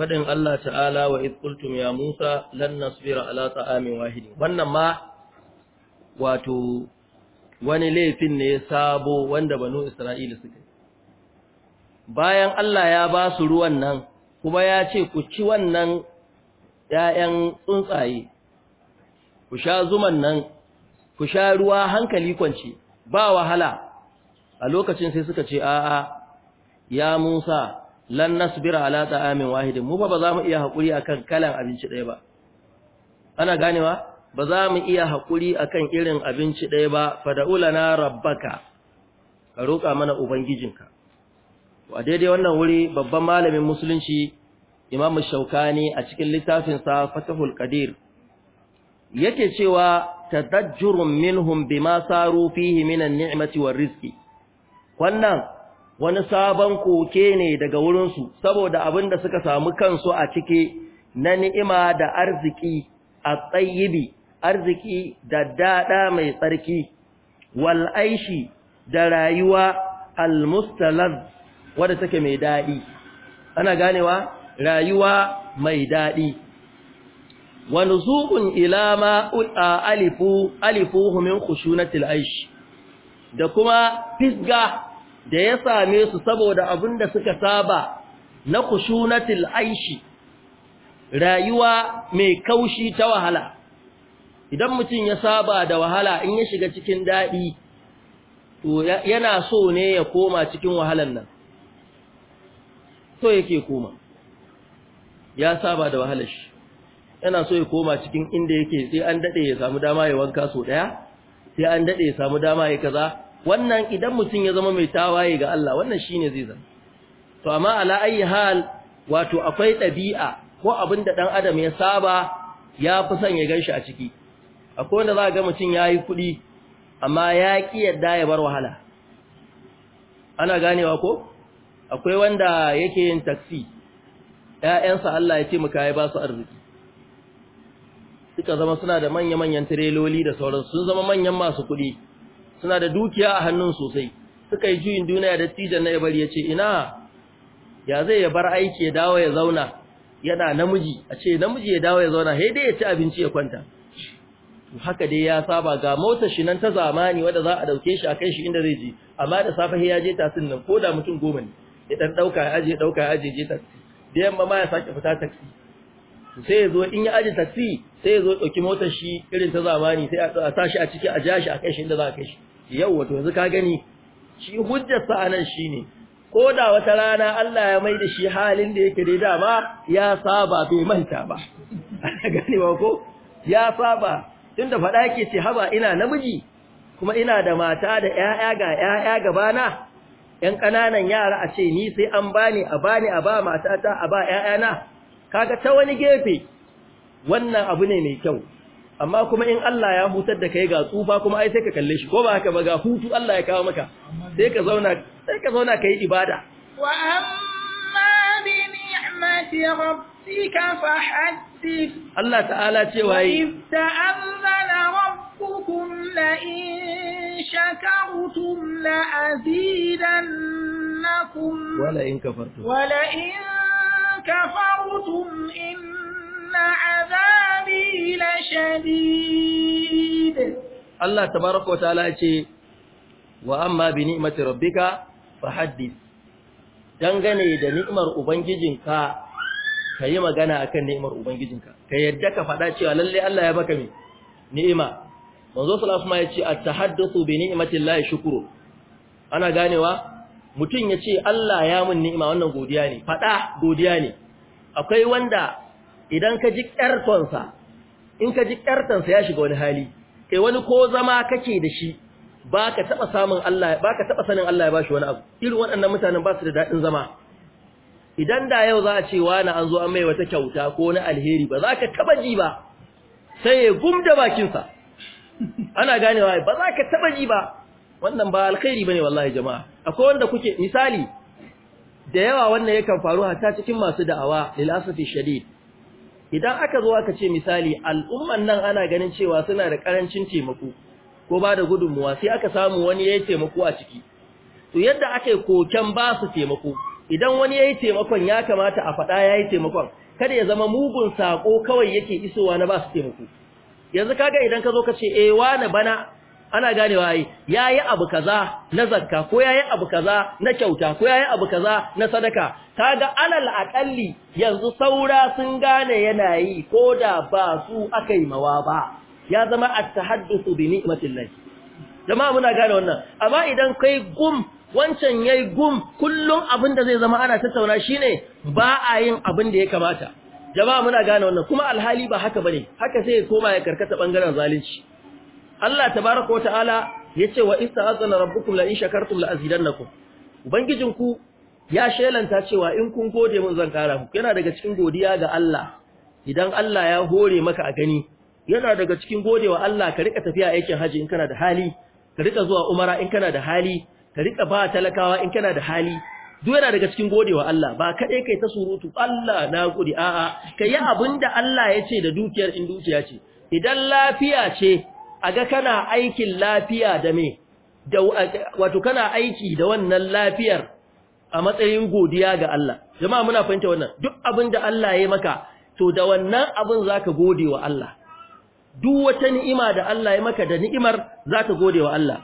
faɗin Allah ta'ala wa idh ya Musa lan nasbira ala ta'amin wahid wannan ma wato wani laifin ne sabo wanda banu Isra'ila suka bayan Allah ya ba su ruwan nan kuma ya ce ku ci wannan ‘ya'yan tsuntsaye, ku sha zuman nan, ku sha ruwa hankali kwance, ba wahala, a lokacin sai suka ce, ‘A'a, ya Musa, lan nasbira ala ta'amin wahidin mu ba za mu iya hakuri akan kalan abinci ɗaya ba ana ganewa ba za mu iya hakuri akan irin abinci ɗaya ba fada'ulana rabbaka ka roƙa mana ubangijinka wa daidai wannan wuri babban malamin musulunci imamu shaukani a cikin littafin sa fatahul qadir yake cewa tadajjurun minhum bima saru fihi minan ni'mati war rizqi wannan wani sabon koke ne daga wurinsu saboda abin da suka samu kansu a cike na ni'ima da arziki a tsayibi arziki da daɗa mai tsarki wal'aishi da rayuwa almustalaz wadda take mai daɗi ana ganewa rayuwa mai daɗi wani ma ilama alifu alifu min khushunatil aishi da kuma fisga da ya same su saboda abin da suka saba na kushunatil aishi rayuwa mai kaushi ta wahala idan mutum ya saba da wahala in ya shiga cikin daɗi to yana so ne ya koma cikin wahalan nan so yake koma ya saba da wahalar shi yana so ya koma cikin inda yake sai an daɗe ya samu dama ya wanka so ɗaya sai an daɗe ya samu dama ya kaza wannan idan mutum ya zama mai tawaye ga Allah wannan shine zai zama to amma ala ayi hal wato akwai ɗabi'a ko abin da ɗan adam ya saba ya fi son ya ganshi a ciki akwai wanda za ga mutum ya yi kuɗi amma ya ƙi yadda ya bar wahala ana ganewa ko akwai wanda yake yin taksi ‘ya'yansa Allah ya ce muka ya ba su arziki suka zama suna da manya-manyan tireloli da sauransu sun zama manyan masu kuɗi suna da dukiya a hannun sosai suka yi juyin duniya da tijan na bari ya ce ina ya zai ya bar aiki ya dawo ya zauna yana namiji a ce namiji ya dawo ya zauna sai dai ya ci abinci ya kwanta haka dai ya saba ga motar shi nan ta zamani wanda za a dauke shi a kai shi inda zai je amma da safe ya je tasin nan ko da mutum goma ne ya dan dauka ya aje dauka ya aje je ta da yamma ma ya sake fita taksi sai ya zo in ya aji taksi sai ya zo ɗauki motar shi irin ta zamani sai a sa shi a ciki a ja shi a kai shi inda za a kai shi yau wato yanzu ka gani shi hujjarsa a nan shi ne ko da wata rana Allah ya mai da shi halin da yake da dama ya saba bai manta ba gani ba ko ya saba tunda da faɗa yake ce haba ina namiji kuma ina da mata da ƴaƴa ga ƴaƴa gabana ƴan ƙananan yara a ce ni sai an bani a bani a ba matata a ba ƴaƴana kaga ta wani gefe wannan abu ne mai kyau amma kuma in Allah ya hutar da kai ga tsufa kuma ai sai ka kalle shi ko ba haka ba ga hutu Allah ya kawo maka sai ka zauna sai ka zauna kai ibada wa amma bi ni'mati rabbika fahaddith Allah ta'ala cewa yi ta'azzana rabbukum la in shakartum la azidannakum wala in kafartum wala in كفرتم إن عذابي لشديد الله تبارك وتعالى وأما بنعمة ربك فحدث dangane da ni'imar ubangijinka ka yi magana akan ni'imar ubangijinka ka yadda ka faɗa cewa lalle Allah ya baka mai ni'ima manzo sallallahu alaihi wasallam ya ce at-tahaddathu bi ni'mati llahi shukru ana ganewa mutum ya ce Allah ya mun ni'ima wannan godiya ne faɗa godiya ne akwai wanda idan ka ji ƙartonsa in ka ji ƙartonsa ya shiga wani hali kai wani ko zama kake da shi ba ka samun Allah ba taba sanin Allah ya bashi wani abu irin waɗannan mutanen ba su da daɗin zama idan da yau za a ce wa na an zo an mai wata kyauta ko na alheri ba za ka taɓa ji ba sai ya gumda bakinsa ana ganewa ba za ka taba ji ba wannan ba alkhairi bane wallahi jama'a akwai wanda kuke misali da yawa wannan yakan faru hatta cikin masu da'awa lil asafi shadid idan aka zo aka ce misali al'umman nan ana ganin cewa suna da karancin taimako ko ba da gudunmuwa sai aka samu wani yayi taimako a ciki to yadda ake koken ba su taimako idan wani yayi taimakon ya kamata a faɗa yayi taimakon kada ya zama mugun sako kawai yake isowa na ba su taimako yanzu kaga idan ka zo ka ce eh wani bana ana ganewa ai yayi abu kaza na zakka ko yayi abu kaza na kyauta ko yayi abu kaza na sadaka kaga alal aqalli yanzu saura sun gane yana yi ko da ba su akai mawa ba ya zama at-tahaddathu bi ni'matillah jama'a muna gane wannan amma idan kai gum wancan yayi gum kullum abin da zai zama ana tattauna shine ba a yin abin da ya kamata jama'a muna gane wannan kuma alhali ba haka bane haka sai ya koma ya karkata bangaren zalunci Allah tabaraka wa ta'ala ce wa ista'azana rabbukum la in shakartum na Ubangijin ubangijinku ya shelanta cewa in kun gode mun zan kara ku. yana daga cikin godiya ga Allah idan Allah ya hore maka a gani yana daga cikin gode wa Allah ka rika tafiya aikin haji in kana da hali ka rika zuwa umara in kana da hali ka rika ba talakawa in kana da hali duk yana daga cikin gode wa Allah ba kaɗai kai ta surutu Allah na gode a'a kai abinda Allah ya ce da dukiyar in dukiya ce idan lafiya ce a ga kana aikin lafiya da me da wato kana aiki da wannan lafiyar a matsayin godiya ga Allah jama'a muna fahimta wannan duk abin da Allah ya maka to da wannan abin zaka gode wa Allah duk wata ni'ima da Allah ya maka da ni'imar zaka gode wa Allah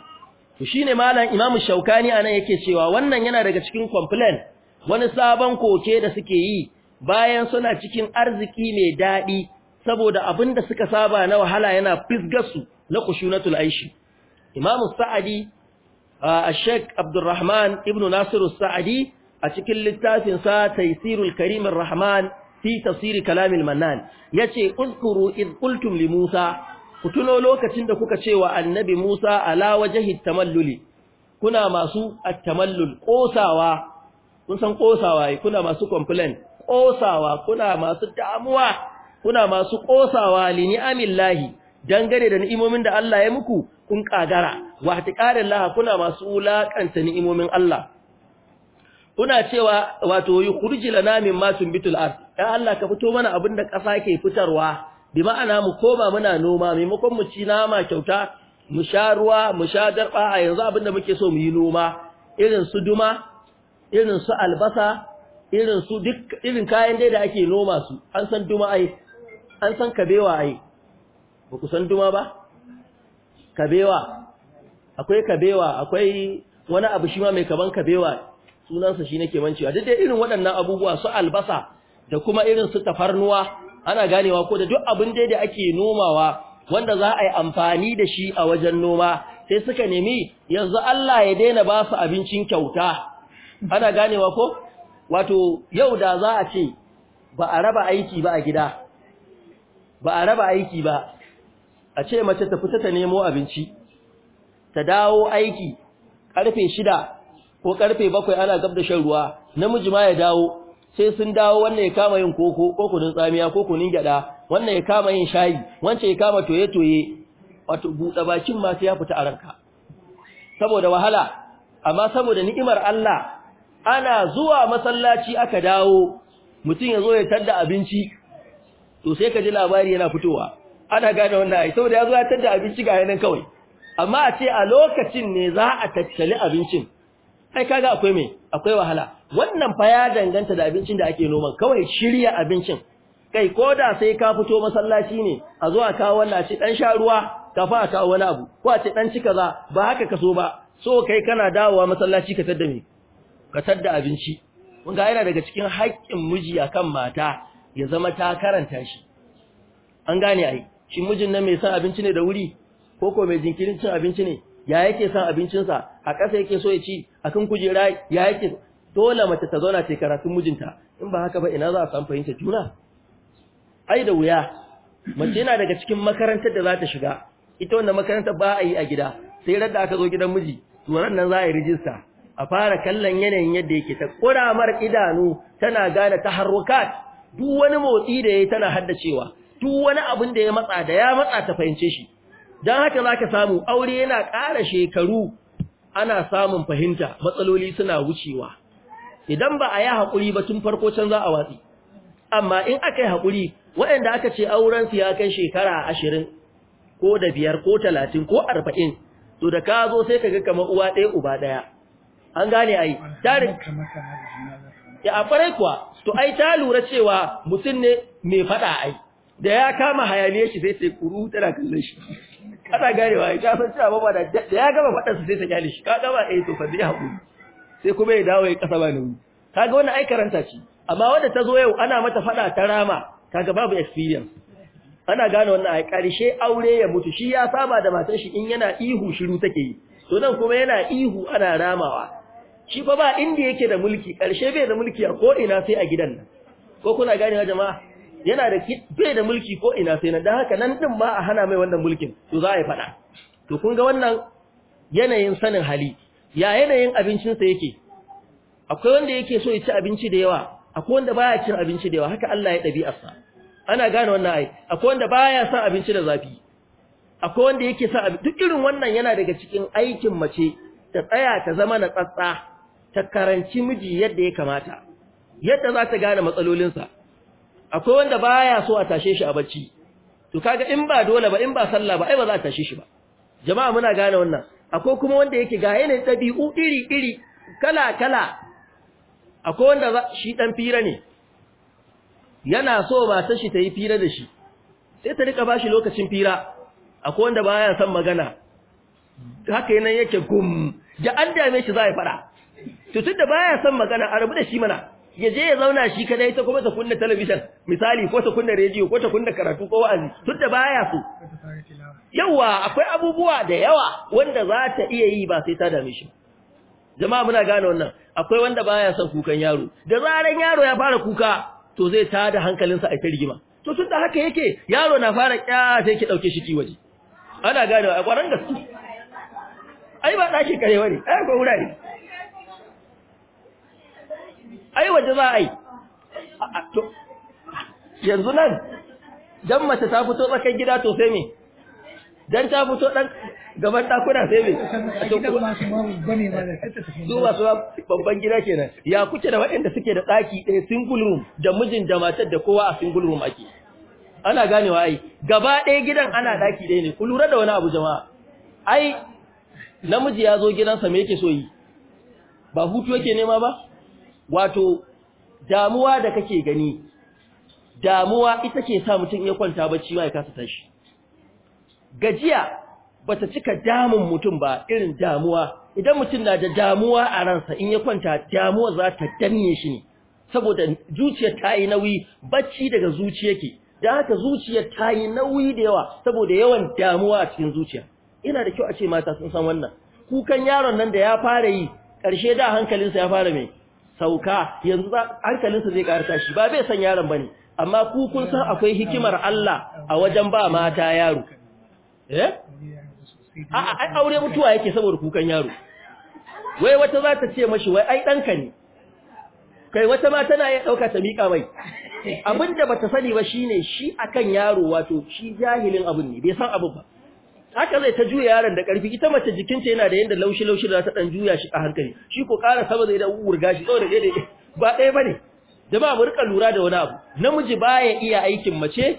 to shine malam Imam Shaukani anan yake cewa wannan yana daga cikin complaint wani sabon koke da suke yi bayan suna cikin arziki mai dadi saboda abin da suka saba na wahala yana fisgar su na kushunatul aishi imamu sa'adi a sheik abdurrahman ibn nasiru sa'adi a cikin littafinsa taisirul karimin rahman fi tafsiri kalamin manan ya ce uzkuru iz qultum li musa ku tuno lokacin da kuka cewa annabi musa ala wajhi tamalluli kuna masu attamallul kosawa kun san kosawa kuna masu complain kosawa kuna masu damuwa kuna masu kosawa li ni'amillahi dangane da ni'imomin da Allah ya muku kun kagara wa hatiqarin laha kuna masu wulakanta ni'imomin Allah kuna cewa wato yukhruji lana min ma tumbitul ard ya Allah ka fito mana abin da ƙasa ke fitarwa bi ma'ana mu koma muna noma maimakon mu ci nama kyauta mu sha ruwa mu sha darba a yanzu abinda muke so mu yi noma irin su duma irin su albasa irin su duk irin kayan dai da ake noma su an san duma ai an san kabewa ai ba ku san duma ba kabewa akwai kabewa akwai wani abu shi ma mai kaban kabewa sunansa shi nake mancewa duk da irin waɗannan abubuwa su albasa da kuma irin su tafarnuwa ana ganewa ko da duk abin da ake nomawa wanda za a yi amfani da shi a wajen noma sai suka nemi yanzu Allah ya daina ba su abincin kyauta ana ganewa ko wato yau da za a ce ba a raba aiki ba a gida ba a raba aiki ba a ce mace ta fita ta nemo abinci ta dawo aiki karfe shida ko karfe bakwai ana gab da shan ruwa namiji ma ya dawo sai sun dawo wannan ya kama yin koko ko kunun tsamiya ko kunun gyada wannan ya kama yin shayi wancan ya kama toye toye wato buɗe bakin ma sai ya fita a ranka saboda wahala amma saboda ni'imar Allah ana zuwa masallaci aka dawo mutum ya zo ya tadda abinci to sai ka ji labari yana fitowa ana gane wannan ai saboda ya ya tada abinci ga yanan kawai amma a ce a lokacin ne za a tattali abincin ai kaga akwai me akwai wahala wannan fa ya danganta da abincin da ake noman kawai shirya abincin kai ko da sai ka fito masallaci ne a zo a kawo wannan a ce dan sha ruwa ka a kawo wani abu ko a ce dan ci kaza ba haka ka so ba so kai kana dawowa masallaci ka tadda me ka tadda abinci mun ga yana daga cikin haƙƙin miji akan mata ya zama ta karanta shi an gane ai shi mijin nan mai son abinci ne da wuri ko ko mai jinkirin cin abinci ne ya yake son abincinsa a ƙasa yake so ya ci a kan kujera ya yake dole mace ta zauna ta karatun mijinta in ba haka ba ina za a san fahimta juna ai da wuya mace yana daga cikin makarantar da za ta shiga ita wannan makarantar ba a yi a gida sai radda aka zo gidan miji to ran nan za a yi rijista a fara kallon yanayin yadda yake ta kuramar idanu tana gane ta taharrukat duk wani motsi da yayi tana haddacewa duk wani abin da ya matsa da ya matsa ta fahimce shi don haka za ka samu aure yana ƙara shekaru ana samun fahimta matsaloli suna wucewa idan ba a yi hakuri ba tun farko can za a watsi amma in aka yi haƙuri waɗanda aka ce aurensu ya kai shekara ashirin ko da biyar ko talatin ko arba'in to da ka zo sai ka ga kamar uwa ɗaya uba ɗaya an gane ai tarin ya a kuwa to ai ta lura cewa mutum ne mai faɗa ai da ya kama hayaniyar shi sai sai kuru tana kallon shi kana garewa ya san cewa ba da ya gama faɗa sai ta kyale shi ka gama eh to fa dai hakuri sai kuma ya dawo ya kasa ba nauyi kaga wannan ai karanta ce amma wanda ta zo yau ana mata faɗa ta rama kaga babu experience ana gane wannan ai karshe aure ya mutu shi ya saba da matar shi in yana ihu shiru take yi to dan kuma yana ihu ana ramawa shi fa ba inda yake da mulki karshe bai da mulki a ko ina sai a gidan nan ko kuna ganewa jama'a yana da bai da mulki ko ina sai na dan haka nan din ba a hana mai wannan mulkin to za a yi fada to kun ga wannan yanayin sanin hali ya yanayin abincinsa yake akwai wanda yake so ya ci abinci da yawa akwai wanda baya cin abinci da yawa haka Allah ya ɗabi'arsa ana gane wannan ai akwai wanda baya son abinci da zafi akwai wanda yake son abinci duk irin wannan yana daga cikin aikin mace ta tsaya ta zama na tsatsa ta karanci miji yadda ya kamata yadda za ta gane matsalolinsa akwai wanda baya so a tashe shi a bacci to kaga in ba dole ba in ba sallah ba ai ba za a tashe shi ba jama'a muna gane wannan akwai kuma wanda yake ga yanayin dabi'u iri iri kala kala akwai wanda shi dan fira ne yana so matar shi ta yi fira da shi sai ta rika bashi lokacin fira akwai wanda baya son magana haka yanayin yake gum da an dame shi za ya fara to tunda baya son magana a rabu da shi mana ya je ya zauna shi kadai ta kuma ta kunna talabijin, misali ko ta kunna rediyo ko ta kunna karatu ko wa'azi duk da baya so yawa akwai abubuwa da yawa wanda za ta iya yi ba sai ta dame shi jama'a muna gane wannan akwai wanda baya son kukan yaro da zaran yaro ya fara kuka to zai tada hankalinsa a ta rigima to tun da haka yake yaro na fara kya sai ki dauke shi ki waje ana gane a kwaran gaske ai ba daki kare wani ai ko wurare ai waje za a yi yanzu nan dan mace ta fito tsakar gida to sai me dan ta fito dan gaban takuna sai me su masu babban gida kenan ya kuke da waɗanda suke da tsaki ɗaya single room da mijin da matar da kowa a single room ake ana ganewa ai gaba ɗaya gidan ana ɗaki ɗaya ne ku lura da wani abu jama'a ai namiji ya zo gidansa me yake so yi ba hutu yake nema ba wato damuwa da kake gani damuwa ita ke sa mutum ya kwanta bacci ma ya kasa tashi gajiya bata cika damun mutum ba irin damuwa idan mutum na da damuwa a ransa in ya kwanta damuwa za ta danne shi ne saboda zuciyar ta yi nauyi bacci daga zuciya ke da haka zuciyar ta yi nauyi da yawa saboda yawan damuwa a cikin zuciya ina da kyau a ce mata sun san wannan kukan yaron nan da ya fara yi ƙarshe da hankalinsa ya fara mai sauka yanzu hankalinsa zai ƙara shi ba bai san yaron ba ne. amma ku kun san akwai hikimar Allah a wajen ba mata yaro eh a ai aure mutuwa yake saboda kukan yaro wai wata za ta ce mashi wai ai danka ne kai wata ma tana yin dauka ta mika mai abinda bata sani ba shine shi akan yaro wato shi jahilin abun ne bai san abin ba haka zai ta juya yaron da karfi ita mace jikinta yana da yanda laushi laushi da ta dan juya shi a hankali shi ko ƙara saba zai da wurga shi saboda dai dai ba ɗaya bane ba mu rika lura da wani abu namiji baya iya aikin mace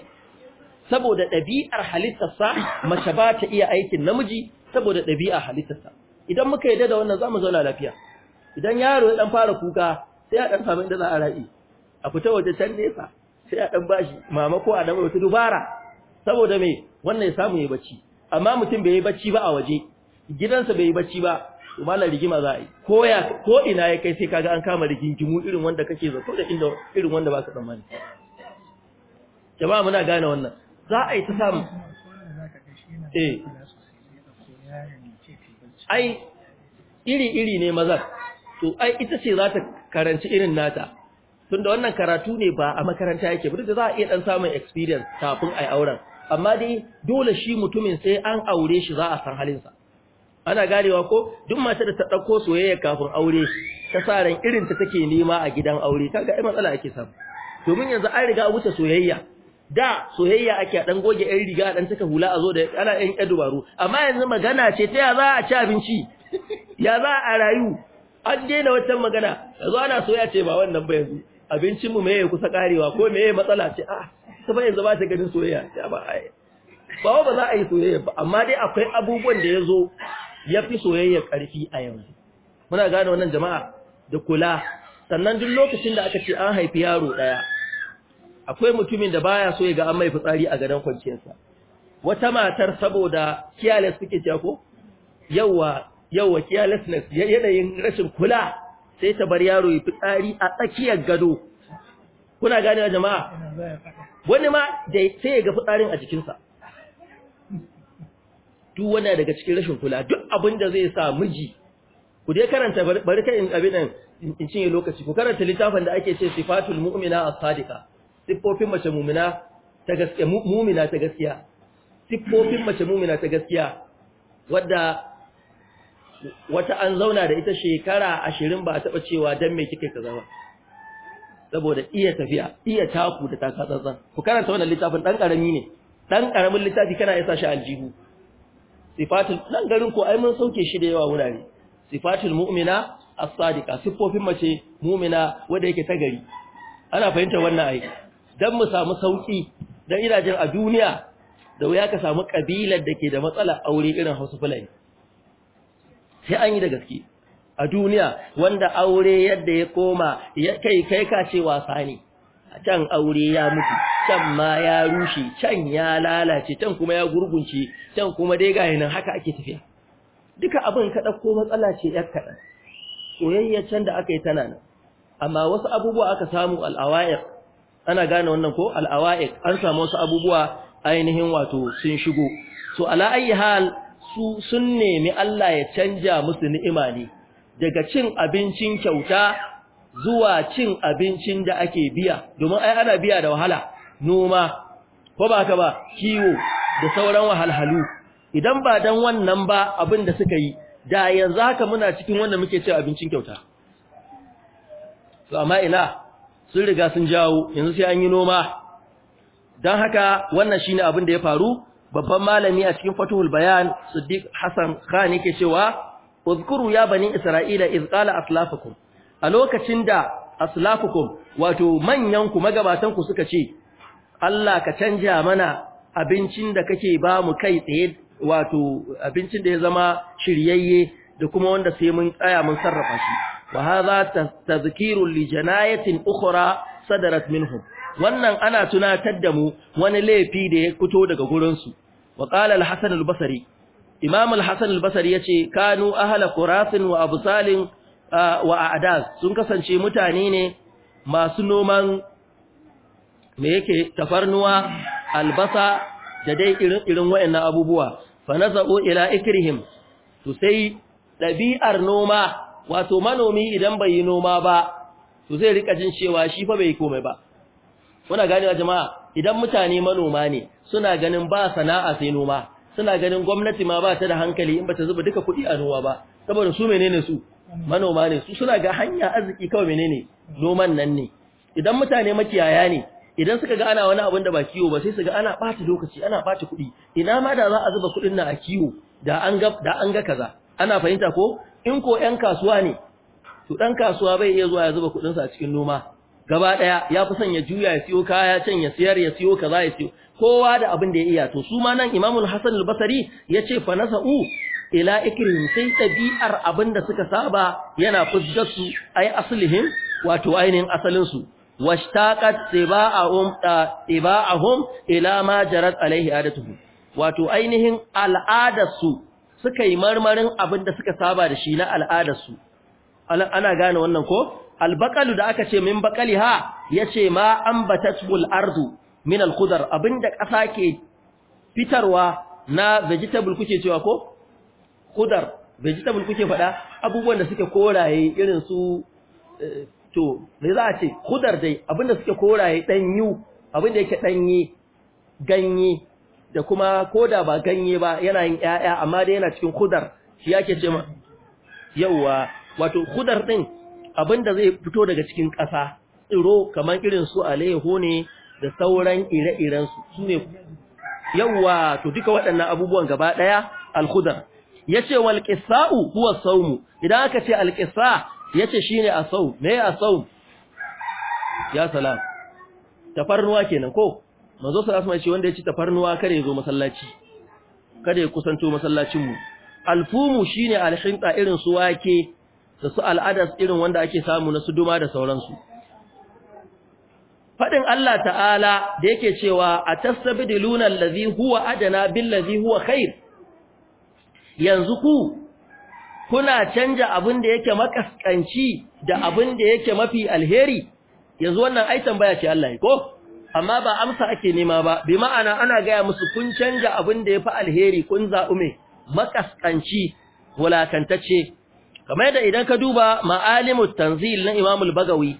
saboda ɗabi'ar halittarsa mace ba ta iya aikin namiji saboda ɗabi'ar halittarsa idan muka yarda da wannan zamu zauna lafiya idan yaro ya dan fara kuka sai ya dan samu inda za a rai a fita waje can nesa sai a dan bashi mama ko a dan wata dubara saboda me wannan ya samu ya bacci amma mutum bai yi bacci ba a waje gidansa bai yi bacci ba to na rigima za a yi ko ya ko ina ya kai sai kaga an kama rigingimu irin wanda kake ko da inda irin wanda baka mani jama'a muna gane wannan za a yi ta samu eh ai iri iri ne maza to ai ita ce za ta karanci irin nata tunda wannan karatu ne ba a makaranta yake bude da za a iya dan samun experience kafin ai auren amma dai dole shi mutumin sai an aure shi za a san halinsa ana garewa ko duk matar da ta ɗauko soyayya kafin aure ta sa ran irin ta take nema a gidan aure kaga ai matsala ake samu domin yanzu an riga wuce soyayya da soyayya ake a dan goge ɗan riga dan taka hula a zo da ana ɗan ƴan dubaru amma yanzu magana ce ta ya za a ci abinci ya za a rayu an daina wata magana yanzu ana soyayya ce ba wannan ba yanzu abincinmu me ya kusa karewa ko me ya matsala ce a'a ta ba yanzu ba ta ganin soyayya ya ba yi ba ba za a yi soyayya ba amma dai akwai abubuwan da ya zo ya fi soyayya ƙarfi a yanzu muna gane wannan jama'a da kula sannan duk lokacin da aka ce an haifi yaro ɗaya akwai mutumin da baya so ya ga an mai fitsari a gadon kwanciyarsa wata matar saboda kiyales suke cewa ko yawa yawa yanayin rashin kula sai ta bar yaro ya fitsari a tsakiyar gado kuna ganewa jama'a wani ma da sai ya ga fitsarin a jikinsa duk wani daga cikin rashin kula duk abin da zai sa miji ku dai karanta bari kai in abin nan in cinye lokaci ku karanta littafin da ake ce sifatul mu'mina as-sadiqa siffofin mace mu'mina ta gaskiya mu'mina ta gaskiya siffofin mace mu'mina ta gaskiya wadda wata an zauna da ita shekara 20 ba a taba cewa dan me kike kaza ba saboda iya tafiya iya taku da taka tsantsan ku karanta wannan littafin dan karami ne dan karamin littafi kana yasa shi aljihu sifatul dan garin ko ai mun sauke shi da yawa wurare sifatul mu'mina as-sadiqa sifofin mace mu'mina wanda yake ta gari ana fahimtar wannan ai dan mu samu sauki dan irajin a duniya da waya ka samu kabilar da ke da matsalar aure irin Hausa fulani sai an yi da gaske a duniya wanda aure yadda ya koma ya kai kai ka ce wasa ne can aure ya mutu can ma ya rushe can ya lalace can kuma ya gurgunce can kuma dai ga nan haka ake tafiya duka abin ka dauko matsala ce yar kadan soyayya can da aka yi tana nan amma wasu abubuwa aka samu al'awa'ir ana gane wannan ko al'awa'ir an samu wasu abubuwa ainihin wato sun shigo so ala ayyi hal su sun nemi Allah ya canja musu ni'ima ne daga cin abincin kyauta zuwa cin abincin da ake biya domin ai ana biya da wahala noma ko ba ka ba kiwo da sauran wahalhalu idan ba dan wannan ba abin da suka yi da yanzu haka muna cikin wanda muke cewa abincin kyauta to amma ina sun riga sun jawo yanzu sai an yi noma dan haka wannan shine abin da ya faru babban malami a cikin Fathul Bayan Siddiq Hassan Khan yake cewa uzkuru ya bani isra'ila iz qala aslafukum a lokacin da aslafukum wato manyan ku magabatan ku suka ce Allah ka canja mana abincin da kake ba mu kai tsaye wato abincin da ya zama shiryayye da kuma wanda sai mun tsaya mun sarrafa shi wa hadha tadhkirun li janayatin ukhra sadarat minhum wannan ana tunatar da mu wani laifi da ya fito daga gurin su wa qala al-hasan al-basri Imam al-Hasan al-Basri yace kanu ahla qurasin wa Salim wa a'daz sun kasance mutane ne masu noman me yake tafarnuwa albasa da dai irin irin wayannan abubuwa fa nazau ila ikrihim to sai dabi'ar noma wato manomi idan bai yi noma ba to zai rika jin cewa shi fa bai komai ba kuna wa jama'a idan mutane manoma ne suna ganin ba sana'a sai noma suna ganin gwamnati ma ba ta da hankali in ba ta zuba duka kuɗi a noma ba saboda su menene su manoma ne su suna ga hanya arziki kawai menene noman nan ne idan mutane makiyaya ne idan suka ga ana wani abin da ba kiwo ba sai su ga ana ɓata lokaci ana ɓata kuɗi ina ma da za a zuba kuɗin nan a kiwo da an ga da an ga kaza ana fahimta ko in ko ƴan kasuwa ne to ɗan kasuwa bai iya zuwa ya zuba kuɗinsa a cikin noma gaba ɗaya ya fi son ya juya ya siyo kaya can ya siyar ya siyo kaza ya siyo kowa da abin da ya iya to su ma nan imamul hasan al-basri yace fa nasa'u ila ikrim sai dabi'ar abin da suka saba yana fuskar su ai aslihim wato ainin asalin su washtaqat tiba'ahum tiba'ahum ila ma jarat alaihi adatuhum wato ainihin al'adarsu suka yi marmarin abin da suka saba da shi na al'adarsu ana gane wannan ko albaqalu da aka ce min baqaliha yace ma ambatatul ardu min al qudar abinda kasa ke fitarwa na vegetable kuke cewa ko qudar vegetable kuke faɗa abubuwan da suke koraye irin su eh, to me za a ce qudar dai abinda suke koraye danyu abinda yake danyi ganye da kuma koda ba ganye ba yana yin ƴaƴa amma dai yana cikin qudar shi yake ce ma yawa wato qudar din abinda zai fito daga cikin ƙasa tsiro kamar irin su alayyahu ne da sauran ire-irensu su ne yawwa to duka waɗannan abubuwan gaba ɗaya alkhudar ya ce wal ƙisa'u huwa saumu idan aka ce alƙisa ya ce shi ne a sau me a sau ya salam tafarnuwa kenan ko manzo asma ce wanda ya ci tafarnuwa kada ya zo masallaci kada ya kusanto masallacinmu alfumu shine alhinta irin su wake da su al'adas irin wanda ake samu na su duma da sauransu Faɗin Allah ta'ala da yake cewa a tastabidiluna allazi huwa adana billazi huwa khair yanzu ku kuna canja abin da yake makaskanci da abin da yake mafi alheri yanzu wannan ai tambaya ce Allah ko amma ba amsa ake nema ba bi ma'ana ana gaya musu kun canja abin da ya fi alheri kun zaume. me makaskanci wulakantacce kamar da idan ka duba Ma'alimu tanzil na Imamul bagawi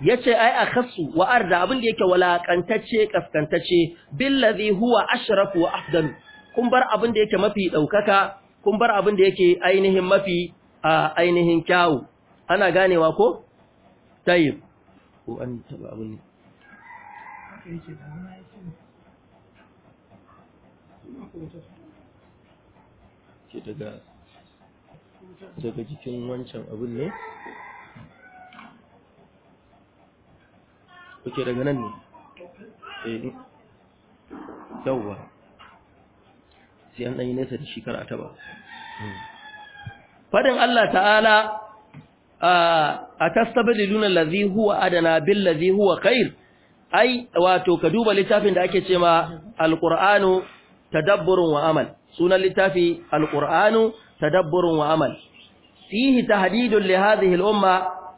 yace ai akhassu wa arda abin da yake walakantacce kaskantacce billazi huwa ashrafu wa afdal kun bar abin da yake mafi daukaka kun bar abin da yake ainihin mafi ainihin kyau ana ganewa ko tayib ko an taba abin ne daga jikin wancan abin ne kuke daga nan ne eh sai an ɗanyi nesa da shi kar a taba Allah ta'ala a tastabdiluna allazi huwa adana bin ladhi huwa khair ai wato ka duba littafin da ake ce ma cewa ta tadabburun wa amal sunan littafi ta tadabburun wa amal fihi ta li hadhihi umma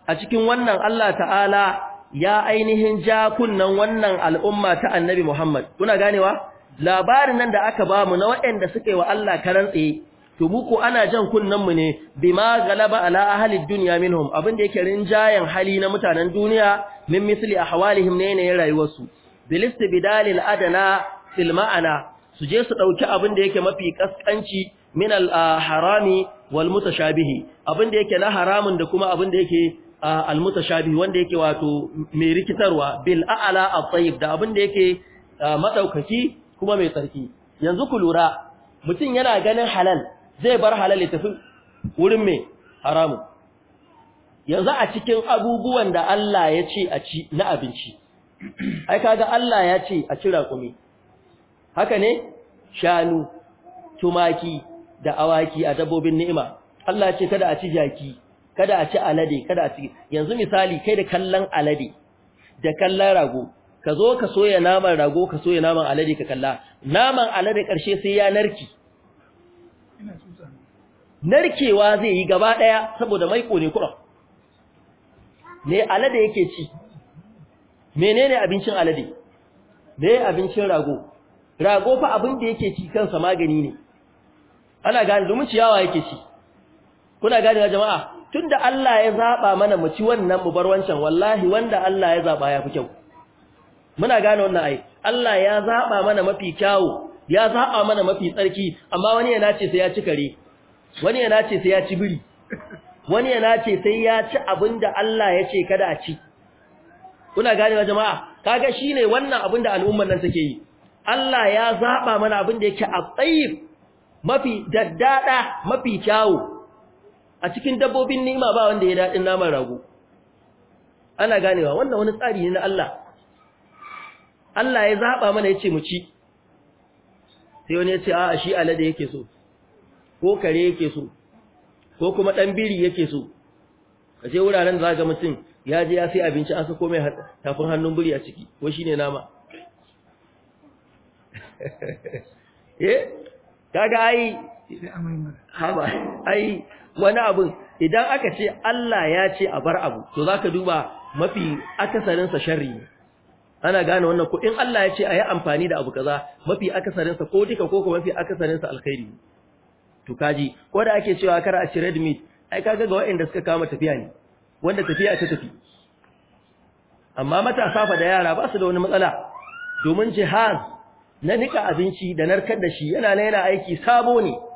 a cikin wannan Allah ta'ala ya ainihin ja kunnan wannan al'umma ta annabi Muhammad kuna ganewa labarin nan da aka bamu na waɗanda suka yi wa Allah karan tsaye to mu ana jan kunnan mu ne bima galaba ala ahli dunya minhum abin da yake rinjayen hali na mutanen duniya min misli ahwalihim ne ne rayuwarsu bilist bidalil adana fil ma'ana su je su dauki abin da yake mafi kaskanci min al harami wal mutashabihi abin da yake na haramun da kuma abin da yake al mutashabi wanda yake wato mai rikitarwa bil a'la at-tayyib da abin da yake madaukaki kuma mai tsarki yanzu ku lura mutum yana ganin halal zai bar halal ya tafi wurin mai haramu yanzu a cikin abubuwan da Allah ya ce a ci na abinci ai kaga Allah ya ce a ci kumi haka ne shanu tumaki da awaki a dabbobin ni'ima Allah ya ce kada a ci jaki kada a ci alade kada a ci yanzu misali kai da kallon alade da kallon rago ka zo ka soya naman rago ka soya naman alade ka kalla naman alade karshe sai ya narki narkewa zai yi gaba daya saboda maiko ne kuɗa me alade yake ci menene abincin alade me abincin rago rago fa abin da yake ci kansa magani ne ana gane domin ciyawa yake ci kuna gane jama'a tunda Allah ya zaba mana mu ci wannan mu bar wancan wallahi wanda Allah ya zaba yafi kyau muna gane wannan ai Allah ya zaba mana mafi kyau ya zaba mana mafi tsarki amma wani ya nace sai ya ci kare wani ya nace sai ya ci biri wani ya nace sai ya ci abinda Allah ya ce kada a ci kuna gane wa jama'a kaga shine wannan abinda al'umman nan take yi Allah ya zaba mana abinda yake a tsayi mafi daddada mafi kyawu a cikin dabbobin ni'ima ba wanda ya daɗin naman rago ana ganewa wannan wani tsari ne na Allah Allah ya zaɓa mana ya ce mu ci sai wani ya ce a shi alade yake so ko kare yake so ko kuma ɗan biri yake so ka ce wuraren da za ga mutum ya je ya sai abinci an sako mai tafin hannun biri a ciki ko shi ne nama eh kaga ai ai wani abin idan aka ce Allah ya ce a bar abu to za ka duba mafi akasarinsa shari sharri ana gane wannan ko in Allah ya ce a yi amfani da abu kaza mafi akasarinsa ko duka ko ko mafi akasarinsa alkhairi alkhairi to kaji ko da ake cewa kar a ci red meat ai kaga ga waɗanda suka kama tafiya ne wanda tafiya ta tafi amma matasa fa da yara ba su da wani matsala domin jihad na nika abinci da narkar da shi yana na yana aiki sabo ne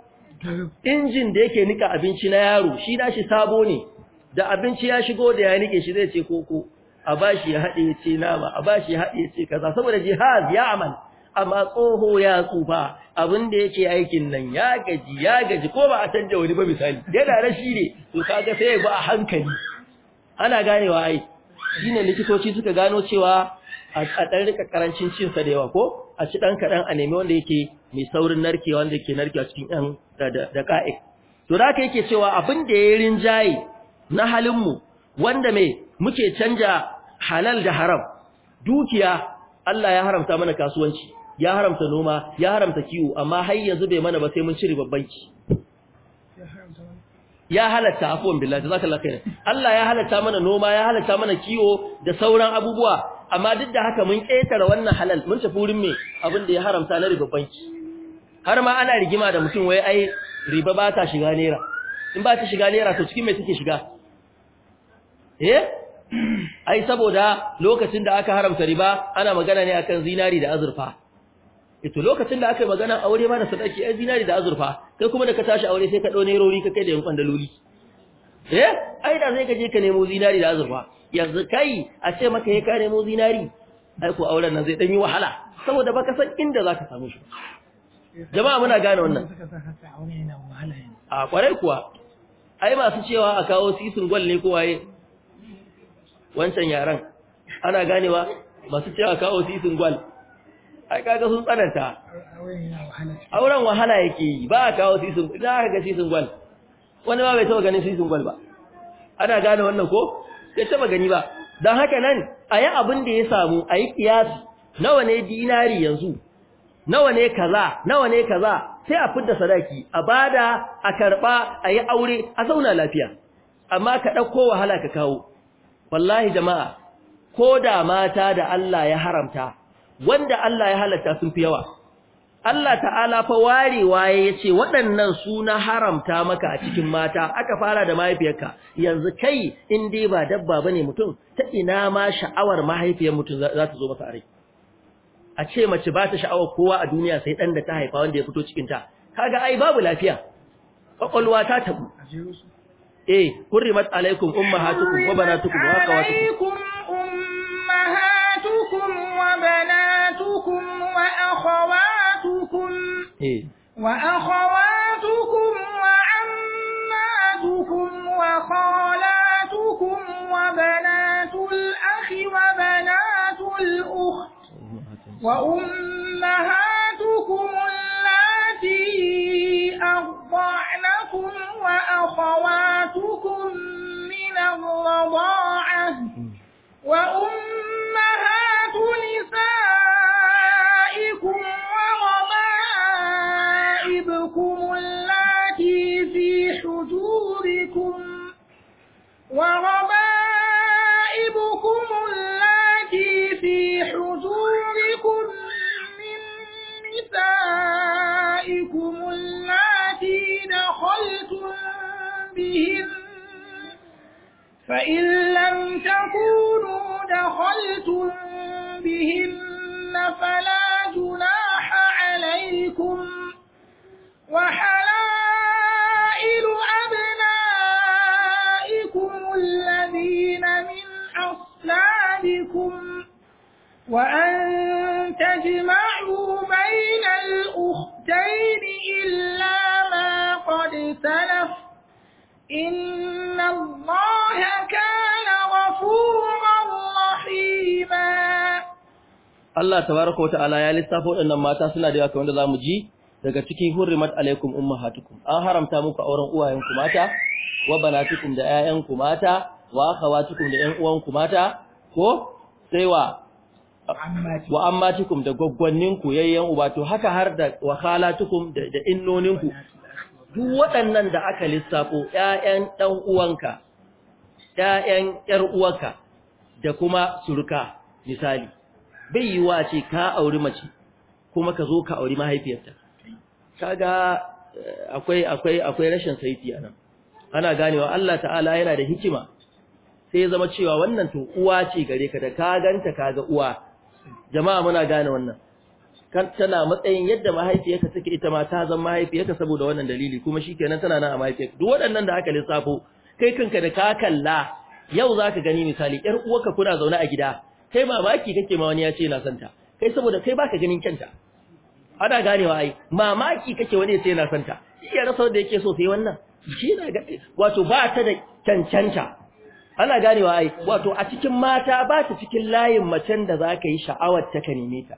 injin da yake nika abinci na yaro shi da shi sabo ne da abinci ya shigo da ya nike shi zai ce koko a bashi ya haɗe ya ce nama a bashi ya haɗe ya ce kaza saboda jihaz ya amal amma tsoho ya tsufa abin da yake aikin nan ya gaji ya gaji ko ba a canja wani ba misali yana shi ne to kaga sai ya ba a hankali ana ganewa ai ne likitoci suka gano cewa a ɗan rika karancin cin sa da yawa ko a ci ɗan kaɗan a nemi wanda yake mai saurin narkewa wanda narke narkewa cikin ɗan ƙa'e. To za ka yake cewa abin da ya yi rinjaye na halinmu wanda mai muke canja halal da haram, dukiya Allah ya haramta mana kasuwanci, ya haramta noma, ya haramta kiwo, amma har yanzu bai mana ba sai mun cire babban ki. Ya halatta afuwan billahi jazakallahu khairan. Allah ya halatta mana noma, ya halatta mana kiwo da sauran abubuwa, amma duk da haka mun ƙetare wannan halal mun tafi wurin me abin da ya haramta na riba banki har ma ana rigima da mutum wai ai riba ba ta shiga naira in ba ta shiga naira to cikin mai take shiga eh ai saboda lokacin da aka haramta riba ana magana ne akan zinari da azurfa ito eh, lokacin da aka yi magana aure ma da sadaki ai zinari da azurfa kai kuma da ka tashi aure sai ka dau nerori ka kai da yankan daloli eh ai da zai ka je ka nemo zinari da azurfa yanzu kai a ce maka ya ka nemo zinari ai ko auren nan zai dan yi wahala saboda baka san inda zaka samu shi jama'a muna gane wannan a kwarai kuwa ai masu cewa a kawo sisin gwal ne kowaye wancan yaran ana ganewa masu cewa a kawo sisin gwal ai kaga sun tsananta auren wahala yake yi ba a kawo sisin idan aka ga sisin gwal wani ba bai taba ganin sisin gwal ba ana gane wannan ko sai taba gani ba don haka nan a yi abin da ya samu a yi kiyasi nawa ne dinari yanzu nawa ne kaza nawa ne kaza sai a fidda sadaki a bada a karba a yi aure a zauna lafiya amma ka ɗauko wahala ka kawo wallahi jama'a ko da mata da Allah ya haramta wanda Allah ya halatta sun fi yawa Allah ta'ala fa warewa ya ce waɗannan suna haramta maka a cikin mata aka fara da mahaifiyarka yanzu kai in dai ba dabba bane mutum ta ina ma sha'awar mahaifiyar mutum za ta zo masa arai a ce mace ba ta sha'awar kowa a duniya sai dan da ta haifa wanda ya fito cikin ta kaga ai babu lafiya ƙwaƙwalwa ta tabu eh kurrimat alaikum ummahatukum wa banatukum wa akhawatukum ummahatukum wa banatukum wa akhawatukum eh wa akhawatukum wa ammatukum wa khalatukum wa banatul akhi wa banatul ukhti وأمهاتكم اللاتي أرضعنكم وأخواتكم من الرضاعة وأمهات نسائكم وربائبكم اللاتي في حجوركم وربائبكم نسائكم اللاتي دخلتم بهن فإن لم تكونوا دخلتم بهن فلا جناح عليكم وحلائل أبنائكم الذين من أصلابكم وأن تجمعوا Allah tabaraka wa ta'ala ya lissafa waɗannan mata suna da yawa kamar da zamu ji daga cikin hurrimat alaikum ummahatukum an haramta muku auren uwayenku mata wa banatukum da ƴaƴanku mata wa akhawatukum da ƴan uwanku mata ko sai wa wa ammatukum da gwaggwanninku yayyan uba to haka har da wa da da innoninku duk waɗannan da aka lissafo ƴaƴan dan uwanka ƴaƴan ƴar uwanka da kuma surka misali bai yi wa ce ka auri mace kuma ka zo ka auri mahaifiyarta kaga eh, akwai akwai akwai rashin saiti anan ana ganewa Allah ta'ala yana da hikima sai ya zama cewa wannan to uwa ce gare ka da ka ganta kaga uwa jama'a muna gane wannan kan tana matsayin yadda mahaifiyarka take ita ma ta zama mahaifiyarka saboda wannan dalili kuma shikenan tana nan a mahaifiyarka duk waɗannan da aka lissafo kai kanka da ka kalla yau zaka gani misali ƴar uwarka kuna zaune a gida kai mamaki kake ma wani ya ce yana son ta kai saboda kai baka ganin kanta ana ganewa ai mamaki kake wani ya ce yana son ta iya rasa wanda yake so sai wannan shi na ga wato ba ta da cancanta ana ganewa ai wato a cikin mata ba ta cikin layin macen da za ka yi sha'awar ta ka neme ta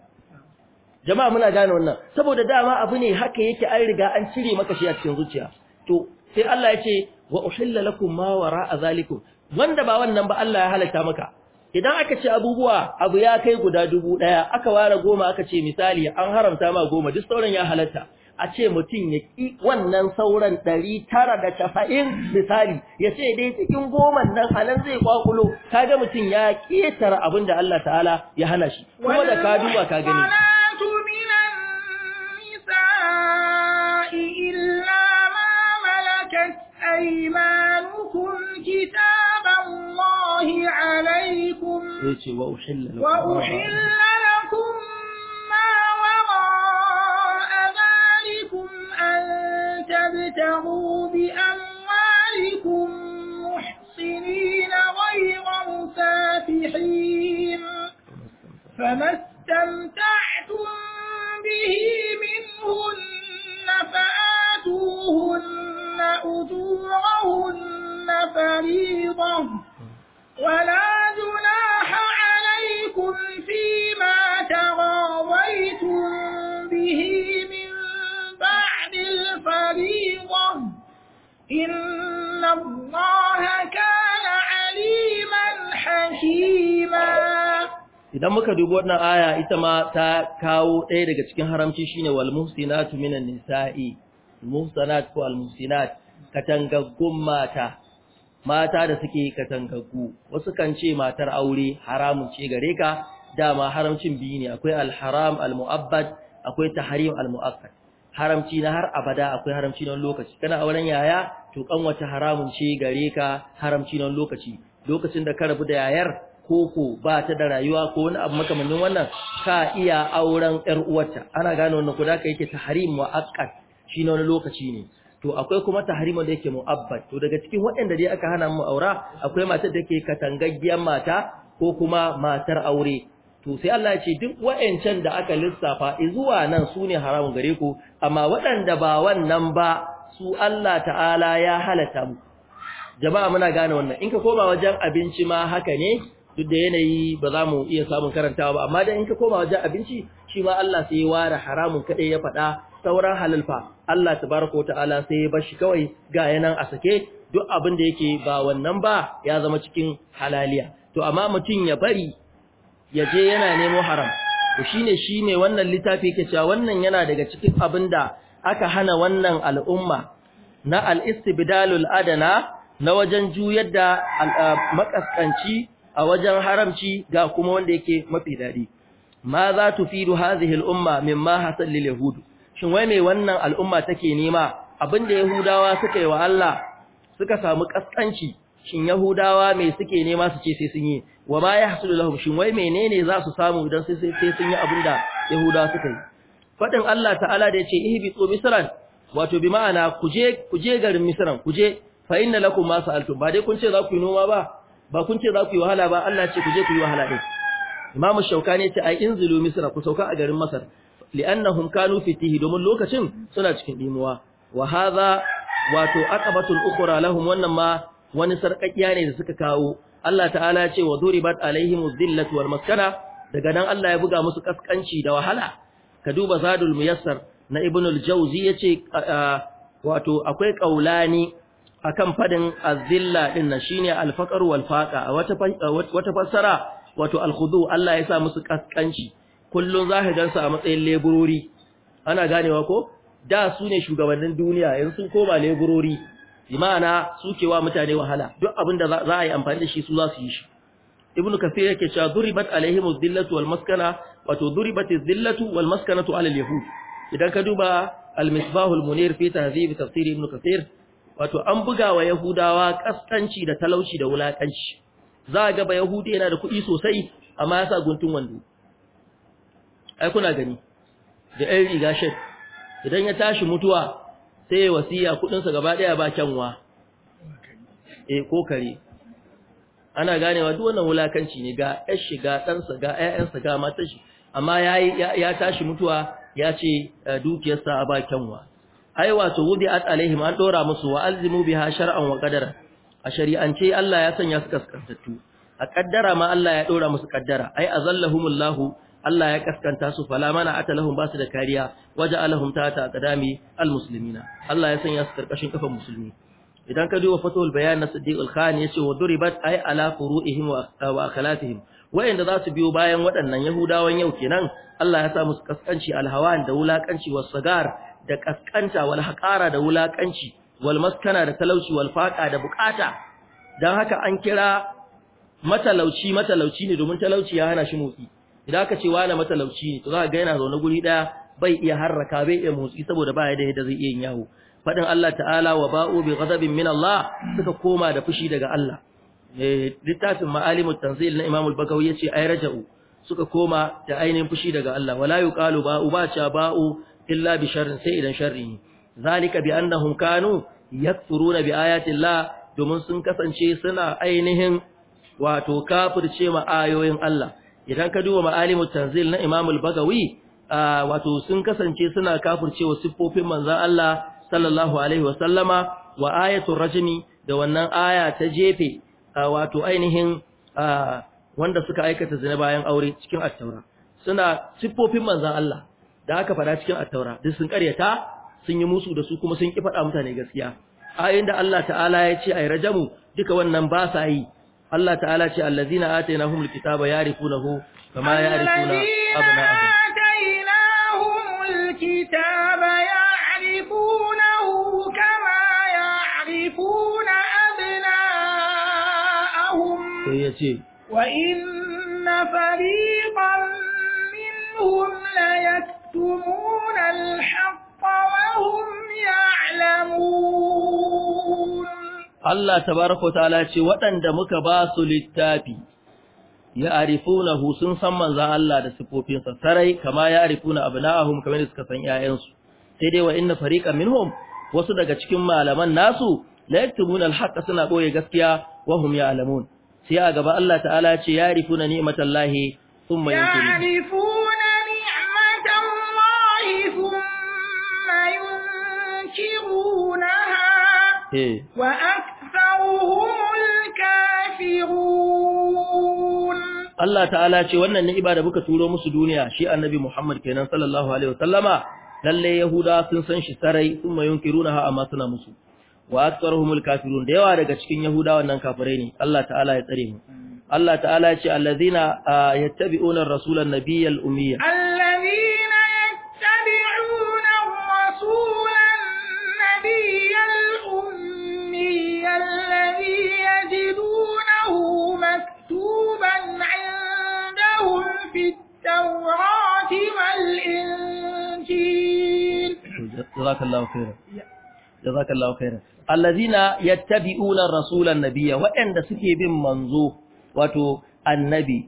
jama'a muna gane wannan saboda dama abu ne haka yake an riga an cire maka shi a cikin zuciya to sai Allah ya ce wa uhilla lakum ma wara'a zalikum wanda ba wannan ba Allah ya halatta maka idan aka ce abubuwa abu ya kai guda dubu ɗaya aka ware goma aka ce misali an haramta ma goma duk sauran ya halatta a ce mutum ya ki wannan sauran ɗari tara da casa'in misali ya ce dai cikin goma nan a nan zai kwakulo kaga mutum ya ƙetar abin da Allah ta'ala ya hana shi kuma da ka duba ka gani إلا ما ملكت أيمانكم كتاب الله عليكم وأحل لكم ما وراء ذلكم أن تبتغوا بأموالكم محصنين غير مسافحين فما idan muka dubi wannan aya ita ma ta kawo ɗaya daga cikin haramci shine wal muhsinatu minan nisa'i muhsanat ko al muhsinat katangaggun mata mata da suke katangaggu wasu kan ce matar aure haramun ce gare ka dama haramcin biyu ne akwai al haram al mu'abbad akwai tahrim al mu'akkad haramci na har abada akwai haramci na lokaci kana auren yaya to kan wata haramun ce gare ka haramci na lokaci lokacin da ka rabu da yayar koko ba ta da rayuwa ko wani abu makamannin wannan ka iya auren 'yar uwarta ana gano wannan kuda ka yake tahrim muaqqat shi ne wani lokaci ne to akwai kuma tahrima da yake mu'abbad to daga cikin waɗanda dai aka hana mu aura akwai matar da yake katangaggiyar mata ko kuma matar aure to sai Allah ya ce duk waɗancan da aka lissafa zuwa nan su ne haramun gare ku amma waɗanda ba wannan ba su Allah ta'ala ya halatta mu jama'a muna gane wannan in ka koma wajen abinci ma haka ne duk da yanayi ba za mu iya samun karantawa ba amma dan in ka koma wajen abinci shi ma Allah sai ya ware haramun kaɗai ya faɗa sauran halal fa Allah tabaraka ta'ala sai ya bashi kawai ga yanan a sake duk abin da yake ba wannan ba ya zama cikin halaliya to amma mutum ya bari ya je yana nemo haram to shine shine wannan littafi yake cewa wannan yana daga cikin abin da aka hana wannan al'umma na al-istibdalul adana na wajen juyar da makaskanci a wajen haramci ga kuma wanda yake mafi daɗi ma za tufidu hadhihi al-umma mimma hasal lil yahud shin wai me wannan al'umma take nema abinda yahudawa suka yi wa Allah suka samu kaskanci shin yahudawa me suke nema su ce sai sun yi wa ma yahsulu lahum shin wai menene za su samu idan sai sai sun yi abinda yahuda suka yi fadin Allah ta'ala da yace tu misran wato bi ma'ana kuje kuje garin misran kuje fa inna lakum ma sa'altum ba dai kun ce za ku yi noma ba ba kun ce za ku yi wahala ba Allah ce ku je ku yi wahala din imamu shaukani ta ai inzilu misra ku sauka a garin masar li'annahum kanu fitihi domin lokacin suna cikin dimuwa wa hadha wato aqabatul ukhra lahum wannan ma wani sarkakiya ne da suka kawo Allah ta'ala ce wa duribat alaihimuz zillatu wal maskana daga nan Allah ya buga musu kaskanci da wahala ka duba zadul muyassar na ibnul jawzi yace wato akwai ƙaulani. akan fadin azilla din nan shine alfaqar wal faqa wata wata fassara wato alkhudu Allah ya sa musu kaskanci kullun zaka gansu a matsayin leburori ana ganewa ko da su ne shugabannin duniya yanzu sun koma leburori imana suke wa mutane wahala duk abin da za a yi amfani da shi su za su yi shi ibnu kafir yake cewa duribat alaihim adh wal maskana wato duribat adh wal maskanatu ala al-yahud idan ka duba al misbahul al-munir fi tahzib tafsir ibnu kafir wato an buga wa yahudawa kaskanci da talauci da wulakanci za ga ba yahudi yana da kuɗi sosai amma ya sa guntun wando ai kuna gani da ɗan riga shek idan ya tashi mutuwa sai ya wasiya kuɗinsa gaba ɗaya ba kyanwa eh ko kare ana ganewa duk wannan wulakanci ne ga ƴar shiga ɗansa ga ƴaƴansa ga matashi amma ya ya tashi mutuwa ya ce eh, dukiyarsa a ba kyanwa ai wato wudi'at alaihim an dora musu wa alzimu biha shar'an wa qadara a shari'ance Allah ya sanya su kaskantattu a kaddara ma Allah ya dora musu kaddara ai azallahumullahu Allah ya kaskanta su fala mana atalahum basu da kariya waja'alahum tata aqdami almuslimina Allah ya sanya su karkashin kafan musulmi idan ka duba fatul bayan na Siddiq al-Khani yace wa duribat ai ala furu'ihim wa akalatihim wayanda za su biyo bayan waɗannan yahudawan yau kenan Allah ya sa musu kaskanci alhawan da wulakanci wasagar da kaskanta wal haqara da wulakanci wal maskana da talauci wal faqa da bukata dan haka an kira matalauci matalauci ne domin talauci ya hana shi motsi idan ka ce wala matalauci ne to za ka ga yana zaune guri ɗaya, bai iya harraka bai iya motsi saboda ba ya da yadda zai iya yin yawo Faɗin Allah ta'ala wa ba'u bi ghadabin min Allah suka koma da fushi daga Allah eh littafin ma'alimut tanzil na Imam al-Bakawi yace ay raja'u suka koma da ainihin fushi daga Allah wala yuqalu ba'u ba cha ba'u illa bi sharrin sai idan sharri zalika bi annahum kanu yakfuruna bi ayati Allah domin sun kasance suna ainihin wato kafirce ma ayoyin Allah idan ka duba ma'alimu tanzil na Imam al-Bagawi wato sun kasance suna kafircewa siffofin manzon Allah sallallahu alaihi wa sallama wa ayatul rajmi da wannan aya ta jefe wato ainihin wanda suka aikata zina bayan aure cikin at-taura suna siffofin manzon Allah da aka fada cikin attaura duk sun karyata sun yi musu da su kuma sun ki faɗa mutane gaskiya ayin inda Allah ta'ala ya ce ay rajamu duka wannan ba sa yi Allah ta'ala ce allazina atainahumul kitaba ya'rifunahu kama ya'rifuna abna'ahum atainahumul kitaba ya'rifunahu kama ya'rifuna abna'ahum sai ya wa inna fariqan minhum la yak يكتمون الحق وهم يعلمون الله تبارك وتعالى ce waɗanda muka ba su littafi ya arifunahu sun san manzan Allah da sifofinsa sarai kama ya arifuna abna'ahum kamar suka san 'ya'yansu. sai dai wa inna fariqan minhum wasu daga cikin malaman nasu la yaktumuna al suna boye gaskiya wa hum ya'lamun sai a gaba Allah ta'ala ce ya arifuna ni'matallahi thumma yunkirun wa aktharuhum kafirun Allah ta'ala ce wannan ni'iba da muka turo musu duniya shi annabi Muhammad kenan sallallahu alaihi wasallama lalle yahuda sun san shi sarai sun yunkiruna ha amma suna musu wa aktharuhum kafirun da yawa daga cikin yahuda wannan kafirai ne Allah ta'ala ya tsare mu Allah ta'ala ya ce allazina yattabi'una ar-rasula an-nabiyyal ummiya jazakallahu khairan jazakallahu khairan allazina yattabi'una rasulan nabiyya waɗanda suke bin manzo wato annabi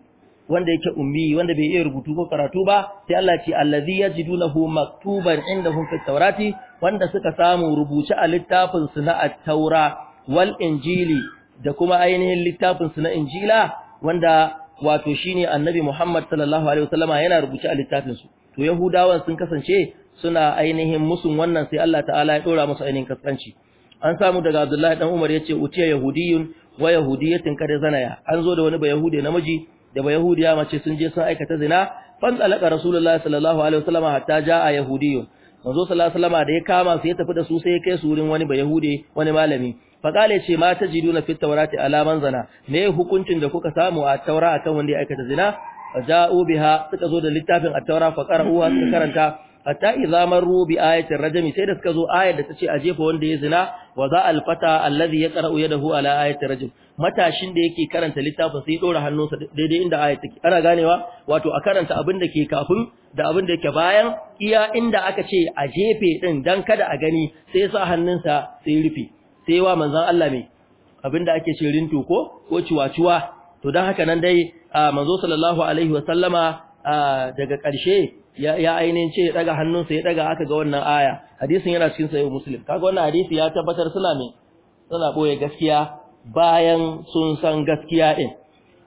wanda yake ummi wanda bai iya rubutu ko karatu ba sai Allah ce allazi yajidunahu maktuban indahum fit tawrati wanda suka samu rubuce a littafin su na at-taura wal injili da kuma ainihin littafin su na injila wanda wato shine annabi Muhammad sallallahu alaihi wasallama yana rubuce a littafin su to yahudawan sun kasance suna ainihin musun wannan sai Allah ta'ala ya dora musu ainihin kaskanci an samu daga Abdullahi dan Umar yace utiya yahudiyun wa yahudiyatin kada zanaya an zo da wani bayahudi namiji da ya mace sun je sun aikata zina fan talaka rasulullahi sallallahu alaihi wasallam hatta jaa yahudiyun manzo sallallahu alaihi wasallam da ya kama su ya tafi da su sai ya kai su wurin wani bayahude wani malami faƙale ce ma ta ji duna fit taurati alaman zana me hukuncin da kuka samu a taura akan wanda ya aikata zina fa ja'u biha suka zo da littafin at-taura fa qara'uha suka karanta hatta idza maru bi ayatin rajam sai da suka zo ayar da tace a jefa wanda ya zina wa za al fata alladhi yaqra'u yadahu ala ayati rajam matashin da yake karanta littafin sai dora hannunsa daidai inda ayat take ana ganewa wato a karanta abin da ke kafin da abin da ke bayan iya inda aka ce a jefe din dan kada a gani sai ya sa hannunsa sai rufe sai wa manzon Allah me da ake ce ko ko ciwaciwa to dan haka nan dai manzo sallallahu alaihi wa sallama daga ƙarshe ya ainihin ce ya daga hannunsa ya daga aka ga wannan aya hadisin yana cikin sayo muslim kaga wannan hadisi ya tabbatar suna ne suna boye gaskiya bayan sun san gaskiya din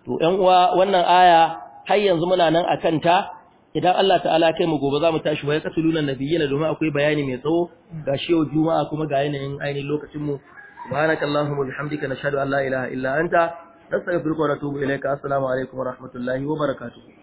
to 'yan'uwa uwa wannan aya har yanzu muna nan akan ta idan Allah ta'ala kai mu gobe za mu tashi waya katulunan nabiyina domin akwai bayani mai tsawo ga shi yau juma'a kuma ga yanayin ainihin lokacin mu allahumma bihamdika nashhadu an la ilaha illa anta nastaghfiruka wa natubu ilayka assalamu alaikum wa rahmatullahi wa barakatuh